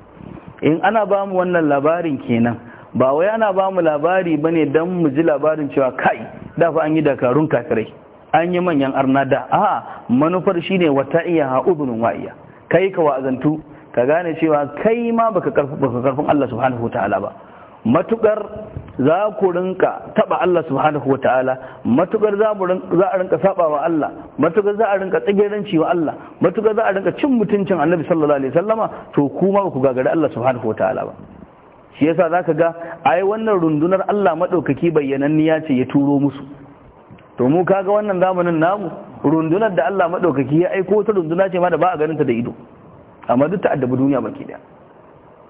in ana ba mu wannan labarin kenan ba wai ana ba mu labari bane dan mu ji labarin cewa kai da fa an yi dakarun kafirai an yi manyan arna da a manufar shine wata iya ha'udunun wa'iya kai ka wa'azantu ka gane cewa kai ma baka karfin Allah subhanahu wa ta'ala ba matukar za ku rinka taba Allah subhanahu wa ta'ala matukar za a rinka saba Allah matukar za a rinka tsageranci wa Allah matukar za a rinka cin mutuncin annabi sallallahu alaihi wasallama to kuma ba ku gagari Allah subhanahu wa ta'ala ba shi yasa ka ga ai wannan rundunar Allah madaukaki bayyananniya ce ya turo musu to mu kaga wannan zamanin namu rundunar da Allah madaukaki ya aiko ta runduna ce ma da ba a ganin ta da ido amma duk ta addabi duniya baki daya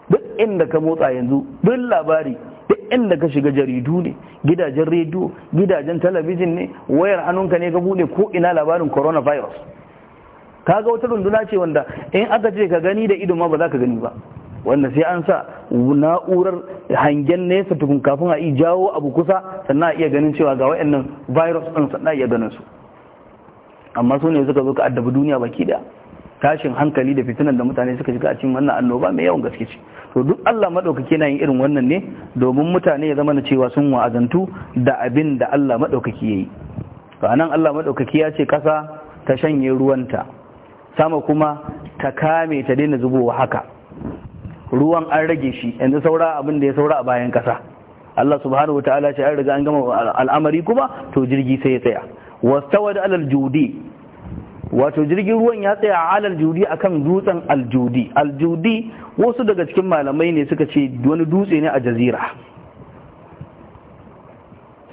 duk inda ka motsa yanzu duk labari duk inda ka shiga jaridu ne gidajen rediyo gidajen talabijin ne wayar hannunka ne ka bude ko ina labarin coronavirus ga wata runduna ce wanda in aka ce ka gani da ido ma ba za ka gani ba wanda sai an sa na'urar hangen nesa tukun kafin a iya jawo abu kusa sannan a iya ganin cewa ga wayannan virus ɗin sannan iya ganin su amma su ne suka zo ka addabi duniya baki da tashin hankali da fitinan da mutane suka shiga a cikin wannan annoba mai yawan gaske ce to duk Allah maɗaukaki yana yin irin wannan ne domin mutane ya zama na cewa sun wa'azantu da abin da Allah maɗaukaki yayi to anan Allah maɗaukaki ya ce kasa ta shanye ruwanta sama kuma ta kame ta daina zubowa haka ruwan an rage shi yanzu saura abin da ya saura a bayan ƙasa. Allah subhanahu wataala ce an riga an gama al'amari kuma to jirgi sai ya tsaya wastawad alal judi wato jirgin ruwan ya tsaya a alal judi a kan dutsen aljudi aljudi wasu daga cikin malamai ne suka ce wani dutse ne a jazira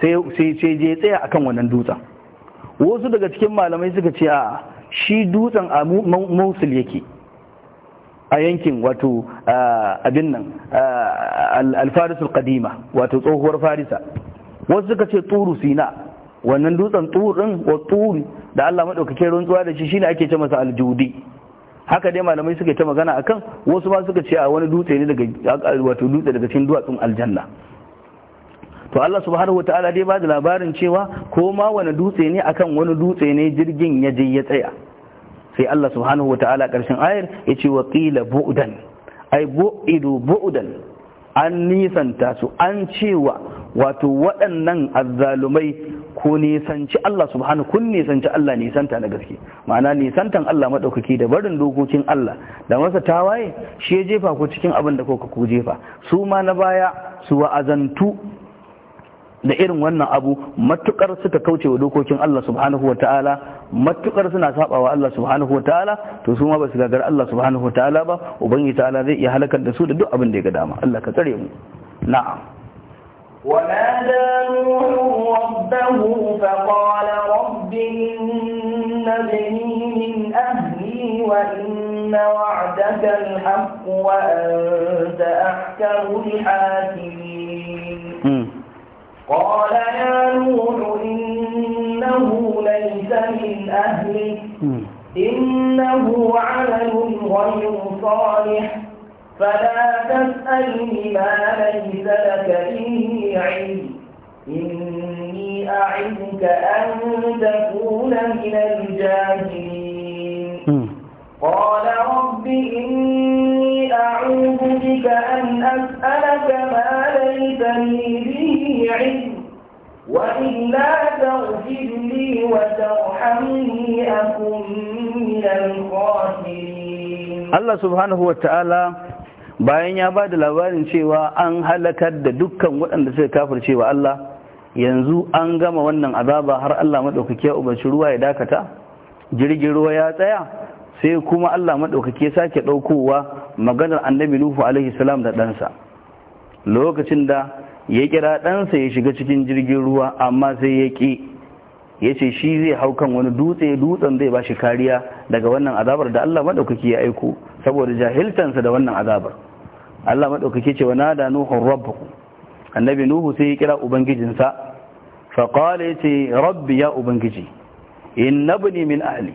sai je tsaya a kan wannan dutsen wasu daga cikin malamai suka ce a shi dutsen a mosul yake a yankin wato abin nan alfarisul kadima wato tsohuwar farisa wasu suka ce turu sina wannan dutsen turin wa turi da Allah madaukakin rantsuwa da shi ne ake ce masa aljudi haka dai malamai suka ta magana akan wasu ma suka ce a wani dutse ne daga wato dutse daga cikin duwatsun aljanna to Allah subhanahu wataala dai ba da labarin cewa ko ma wani dutse ne akan wani dutse ne jirgin ya je ya tsaya sai Allah subhanahu wataala karshen ayar ya ce wa qila bu'dan ay bu'idu bu'dan an nisanta su an cewa wato waɗannan azzalumai ku nisanci Allah subhanahu kun nisanci Allah nisanta na gaske ma'ana nisantan Allah maɗaukaki da barin dokokin Allah da masa tawaye shi ya jefa ku cikin abin da kuka ku jefa su ma na baya su wa'azantu da irin wannan abu matukar suka kauce wa dokokin Allah subhanahu wa ta'ala matukar suna saba wa Allah subhanahu wa ta'ala to su ma ba su gagar Allah subhanahu wa ta'ala ba ubangi ta'ala zai iya halakar da su da duk abin da ya ga dama Allah ka tsare mu na'am ونادى نوح ربه فقال رب إن ابني من أهلي وإن وعدك الحق وأنت أحكم الحاكمين قال يا نوح إنه ليس من أهلك إنه عمل غير صالح فلا تسألني ما ليس لك به علم إني أعظك أن تكون من الجاهلين قال رب إني أعوذ بك أن أسألك ما ليس لي به علم وإلا تغفر لي وترحمني أكن من الخاسرين الله سبحانه وتعالى bayan ya ba da labarin cewa an halakar da dukkan waɗanda suka kafar cewa Allah yanzu an gama wannan azaba har Allah maɗaukaki ya umarci ruwa ya dakata jirgin ruwa ya tsaya sai kuma Allah maɗaukaki ya sake ɗaukowa maganar annabi Nuhu alaihi salam da ɗansa lokacin da ya kira ɗansa ya shiga cikin jirgin ruwa amma sai ya ƙi ya ce shi zai hau kan wani dutse dutsen zai ba shi kariya daga wannan azabar da Allah maɗaukaki ya aiko saboda jahiltansa da wannan azabar Allah maɗaukaki ce wana da nuhun rabbu annabi nuhu sai ya kira ubangijinsa faƙala ya ce rabbi ya ubangiji inna bani min ahli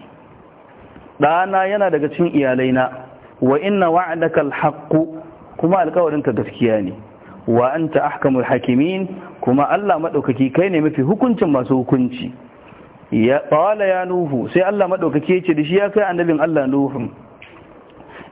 ɗana yana daga cikin iyalaina wa inna wa'adaka alhaqqu kuma alƙawarinka gaskiya ne wa anta ahkamul hakimin kuma Allah madaukaki kai ne mafi hukuncin masu hukunci ya qala ya nuhu sai Allah madaukaki yace da shi ya kai annabin Allah nuhu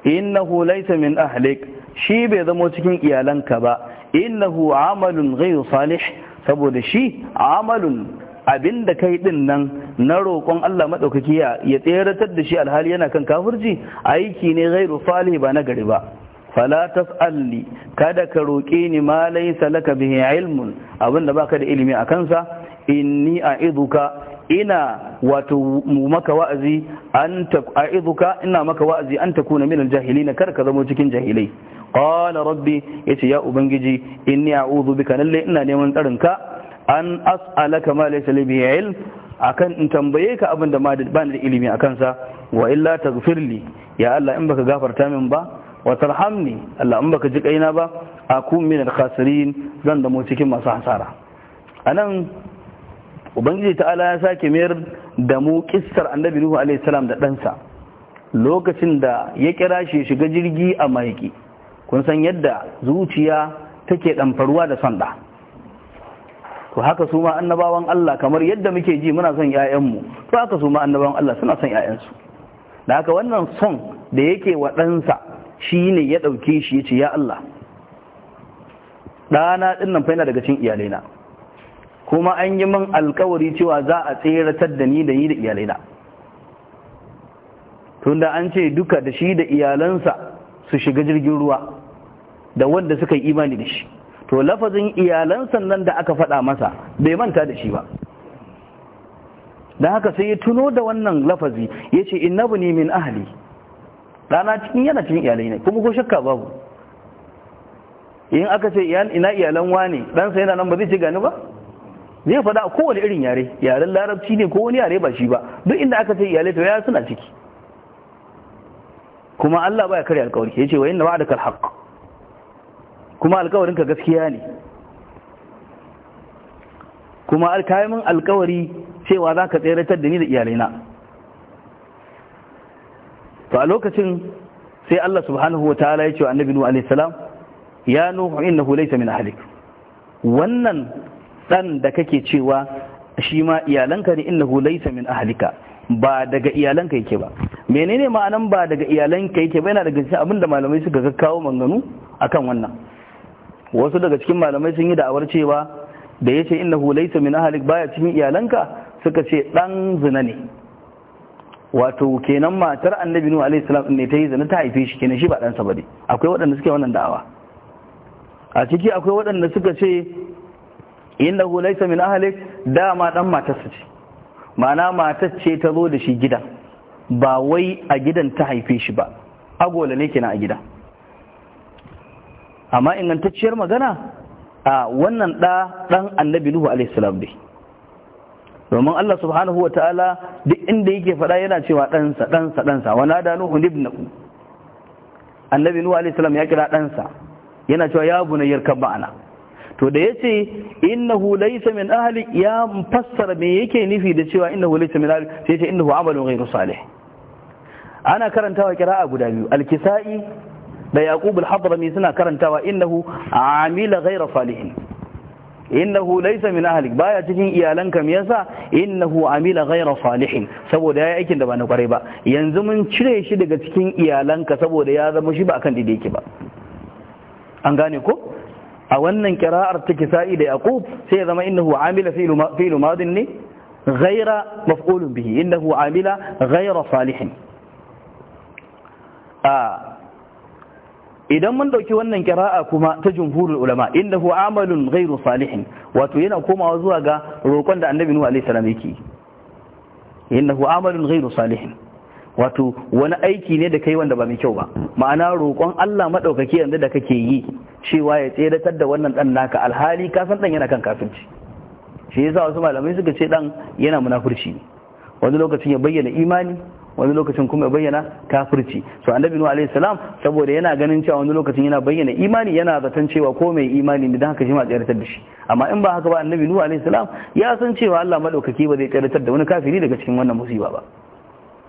innahu laysa min ahlik shi bai zama cikin iyalanka ba innahu amalun ghayr salih saboda shi amalun abinda kai din nan na roƙon Allah maɗaukaki ya tseratar da shi alhali yana kan kafirci aiki ne gairu salih ba na gari ba fala tas'alli kada ka roƙe ni ma laysa laka bihi ilmun abinda baka da ilimi a kansa inni a'iduka ina wato maka wa'azi an a'iduka ina maka wa'azi an takuna min al na kar ka zama cikin jahilai qala rabbi yace ya ubangiji inni a'udhu bika lalle ina neman tsarin ka an as'alaka ma laysa li bihi ilm akan in tambaye ka abin da ma da ilimi a kansa. wa illa taghfirli ya Allah in baka gafarta min ba wa tarhamni Allah an baka ji kaina ba akun min al-khasirin zan da mu cikin masu hasara anan ubangiji ta'ala ya sake mayar da mu kissar annabi nuhu alaihi salam da ɗansa lokacin da ya kira shi shiga jirgi a maiki kun san yadda zuciya take ɗamfarwa da sanda to haka su ma annabawan Allah kamar yadda muke ji muna son mu. to haka su ma annabawan Allah suna son ‘ya'yansu da haka wannan son da yake wa ɗansa shi ne ya ɗauke shi ya ce ya Allah ɗana ɗin nan faina daga cin iyalaina kuma an yi min alkawari cewa za a tseratar da ni da ni da iyalaina tunda an ce duka da shi da iyalansa su shiga jirgin ruwa da wanda suka yi imani da shi to lafazin iyalansa nan da aka faɗa masa bai manta da shi ba don haka sai ya tuno da wannan lafazi ya ce bu ne min ahali Rana cikin yana cikin iyalai ne kuma ko shakka babu in aka ce ina iyalan wane ɗansa yana nan ba zai ce gani ba zai faɗa a kowane irin yare yaren larabci ne ko wani yare ba shi ba duk inda aka ce iyalai to ya suna ciki kuma Allah baya karya alƙawari yace wa inna kal alhaq kuma alƙawarin ka gaskiya ne kuma alkayimin alƙawari cewa zaka tseratar da ni da iyalaina to a lokacin sai Allah subhanahu wa ta'ala ya ce wa annabi nuhu alayhi salam ya nuhu innahu laysa min ahlik wannan dan da kake cewa shi ma iyalanka ne innahu laysa min ahlika ba daga iyalanka yake ba menene ma'anan ba daga iyalanka yake ba yana daga cikin abinda malamai suka kawo manganu akan wannan wasu daga cikin malamai sun yi da'awar cewa da yace innahu laysa min ahlik baya cikin iyalanka suka ce dan zina ne wato kenan matar annabi nuhu alaihi salam ne ta yi zina ta haife shi kenan shi ba ɗansa ba ne akwai waɗanda suke wannan da'awa a ciki akwai waɗanda suka ce hu laysa min ahlik dama dan sa ce ma'ana matar ce ta zo da shi gidan ba wai a gidan ta haife shi ba agola ne kenan a gidan amma ingantacciyar magana a wannan ɗa ɗan annabi nuhu alaihi salam dai domin Allah subhanahu wataala duk inda yake faɗa yana cewa ɗansa ɗansa ɗansa wa nada nuhu ibnahu annabi nuhu alaihi salam ya kira ɗansa yana cewa ya bunayyar kan ma'ana to da yace innahu laysa min ahli ya fassara me yake nufi da cewa innahu laysa min ahli sai yace innahu amalun ghayru salih ana karantawa a guda biyu al-kisa'i da yaqub al-hadrami suna karantawa innahu amila ghayra salihin innahu laysa min ahlik baya cikin iyalanka me yasa innahu amila ghayra salihin saboda yayi aikin da ba na kware ba yanzu mun cire shi daga cikin iyalanka saboda ya zama shi ba akan dide yake ba an gane ko a wannan kira'ar ta kisa'i da yaqub sai ya zama innahu amila fi'lu madin ne ghayra maf'ulun bihi innahu amila ghayra salihin a ah, idan mun dauki wannan kira'a kuma ta jumhurul ulama inda hu amalun ghairu salihin wato yana komawa zuwa ga roƙon da annabi nuhu alaihi salam yake hu amalun ghairu salihin wato wani aiki ne da kai wanda ba mai kyau ba ma'ana roƙon Allah maɗaukaki yanzu da kake yi cewa ya tseratar da wannan ɗan naka alhali ka san ɗan yana kan kafirci shi yasa wasu malamai suka ce ɗan yana munafurci wani lokacin ya bayyana imani wani lokacin kuma ya bayyana kafirci so annabi nuhu alaihi salam saboda yana ganin cewa wani lokacin yana bayyana imani yana zaton cewa ko mai imani ne dan haka shi ma tsayar da shi amma in ba haka ba annabi nuhu alaihi salam ya san cewa Allah madaukaki ba zai tsayar da wani kafiri daga cikin wannan musiba ba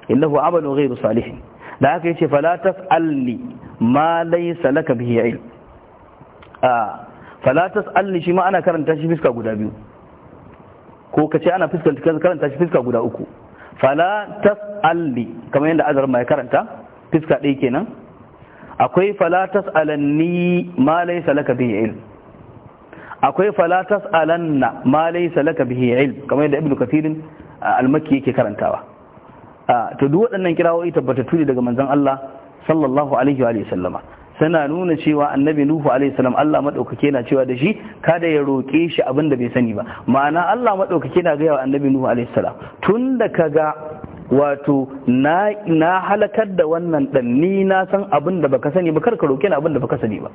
illahu amalu ghayru salihin da haka yace fala tas'alni ma laysa laka bihi ilm a fala tas'alni shi ma ana karanta shi fiska guda biyu ko kace ana fiskanta karanta shi fiska guda uku fala tas'alli kamar yadda azar mai karanta fiska ɗaya kenan akwai fala tas'alanni ma laysa laka bihi ilm akwai fala tas'alanna ma laysa laka bihi ilm kamar yadda ibnu kathir al-makki yake karantawa to duk waɗannan kirawoyi tabbatattu ne daga manzon Allah sallallahu alaihi wa sallama tana nuna cewa annabi nuhu a.s. Allah madaukake na cewa da shi kada ya roke shi abin da bai sani ba ma'ana Allah madaukake na gaya wa annabi nuhu a.s. tun da kaga wato na na halakar da wannan dan ni na san abin da baka sani ba kar ka roke ni abin da baka sani ba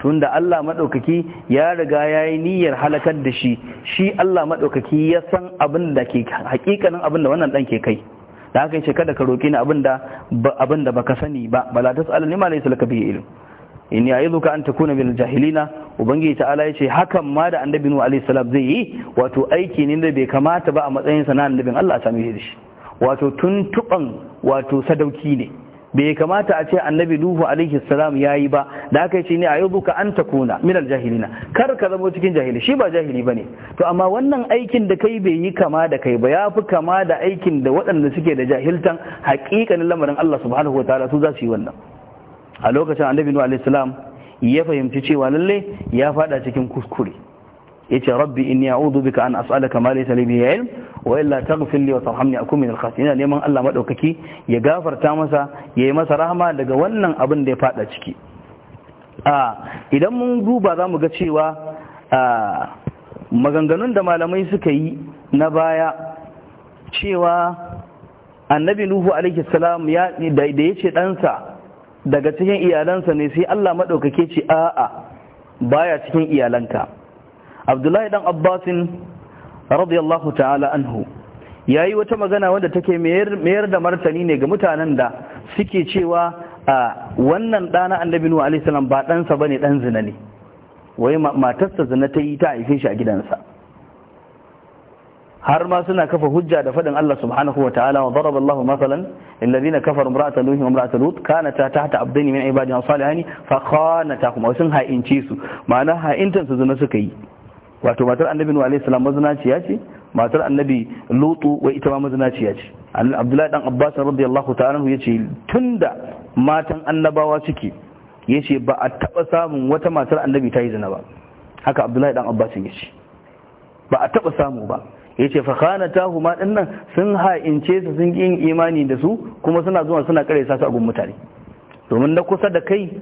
tunda Allah maɗaukaki ya riga ya yi niyyar halakar da shi shi Allah maɗaukaki ya san abin da ke hakikanin abin da wannan ɗan ke kai da haka yace kada ka roki ni abinda abinda baka sani ba bala tas'alni ma laysa laka bihi ilm inni a'iduka an takuna bil jahilina ubangiji ta'ala yace hakan ma da annabi nu alayhi salam zai yi wato aiki ne da bai kamata ba a matsayin sa na annabin Allah a same shi wato tuntuban wato sadauki ne bai kamata a ce annabi nuhu alaihi salam yayi ba da aka ce ne a yau buka an minal min aljahilina kar ka zama cikin jahili shi ba jahili ne. to amma wannan aikin da kai bai yi kama da kai ba ya fi kama da aikin da waɗanda suke da jahiltan haƙiƙanin lamarin Allah subhanahu wataala su za su yi wannan a lokacin annabi nuhu alaihi salam ya fahimci cewa lallai ya fada cikin kuskure yace rabbi inni a'udhu bika an as'alaka ma laysa li bihi ilm wa illa taghfir li wa tarhamni akun min al-khasirin neman Allah madaukaki ya gafarta masa yayi masa Rahma daga wannan abin da ya fada ciki a idan mun duba zamu ga cewa maganganun da malamai suka yi na baya cewa annabi nuhu alaihi salam ya da yace ɗansa daga cikin iyalansa ne sai Allah madaukake ce a'a baya cikin iyalanka abdullahi dan abbasin radiyallahu ta'ala anhu ya yi wata magana wanda take mayar da martani ne ga mutanen da suke cewa a wannan ɗana annabi a alaihissalam ba ɗansa ba ne ɗan zina ne wai matarsa zina ta yi ta haife shi a gidansa har ma suna kafa hujja da faɗin Allah subhanahu wa ta'ala wa daraba Allahu masalan alladhina kafaru imra'atan nuhin wa imra'atan lut kanat tahta abdaini min ibadina salihani fa khanatahum wa sun ha'inci su ma'ana ha'intan su zina suka yi wato matar annabi nuwa alaihi salam mazinaciya ce matar annabi lutu wai ita ma mazinaciya ce abdullahi dan abbas radiyallahu ta'ala yace tunda matan annabawa suke yace ba a taba samun wata matar annabi ta yi zina ba haka abdullahi dan abbas yace ba a taba samu ba yace fa khanata huma dinnan sun ha'ince su sun yin imani da su kuma suna zuwa suna kare su a gun mutane domin na kusa da kai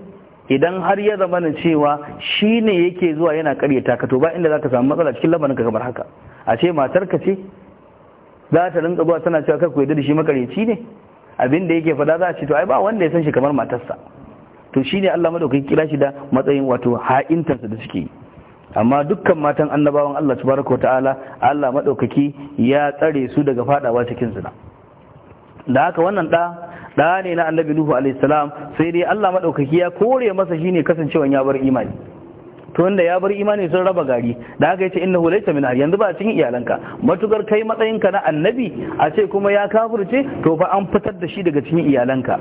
idan har ya zama na cewa shi ne yake zuwa yana karyata ka to ba inda za ka samu matsala cikin lamarin ka kamar haka a ce matar ka ce za ta rinka zuwa tana cewa kai ku yadda da shi makaryaci ne abin da yake fada za a ce to ai ba wanda ya san shi kamar matarsa to shi ne Allah madaukakin kira shi da matsayin wato ha'intarsa da suke yi amma dukkan matan annabawan Allah subhanahu wataala Allah madaukaki ya tsare su daga fadawa cikin zina da haka wannan da da ne na annabi nuhu alaihi sai dai Allah maɗaukaki ya kore masa ne kasancewar ya bar imani to wanda ya bar imani sun raba gari da haka yace innahu laysa min yanzu ba cikin iyalanka matukar kai matsayinka na annabi a ce kuma ya kafirce to fa an fitar da shi daga cikin iyalanka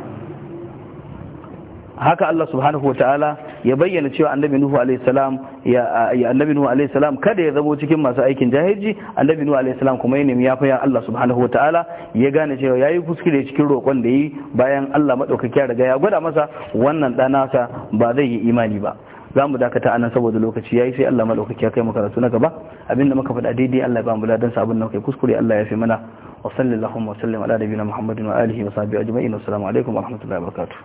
haka Allah subhanahu wataala ya bayyana cewa annabi nuhu alayhi salam ya annabi nuhu alayhi salam kada ya zabo cikin masu aikin jahilci annabi nuhu alayhi salam kuma ya nemi yafiya Allah subhanahu wataala ya gane cewa yayi kuskure cikin roƙon da yi bayan Allah madaukaki ya riga ya gwada masa wannan ɗanasa ba zai yi imani ba za mu dakata anan saboda lokaci yayi sai Allah madaukaki ya kai mu karatu na gaba abinda muka faɗa daidai Allah ya ba mu ladan sa abin nan kai kuskure Allah ya fi mana wa sallallahu wa sallam ala nabiyina Muhammadin wa alihi wa sahbihi ajma'in assalamu alaikum wa rahmatullahi wa barakatuh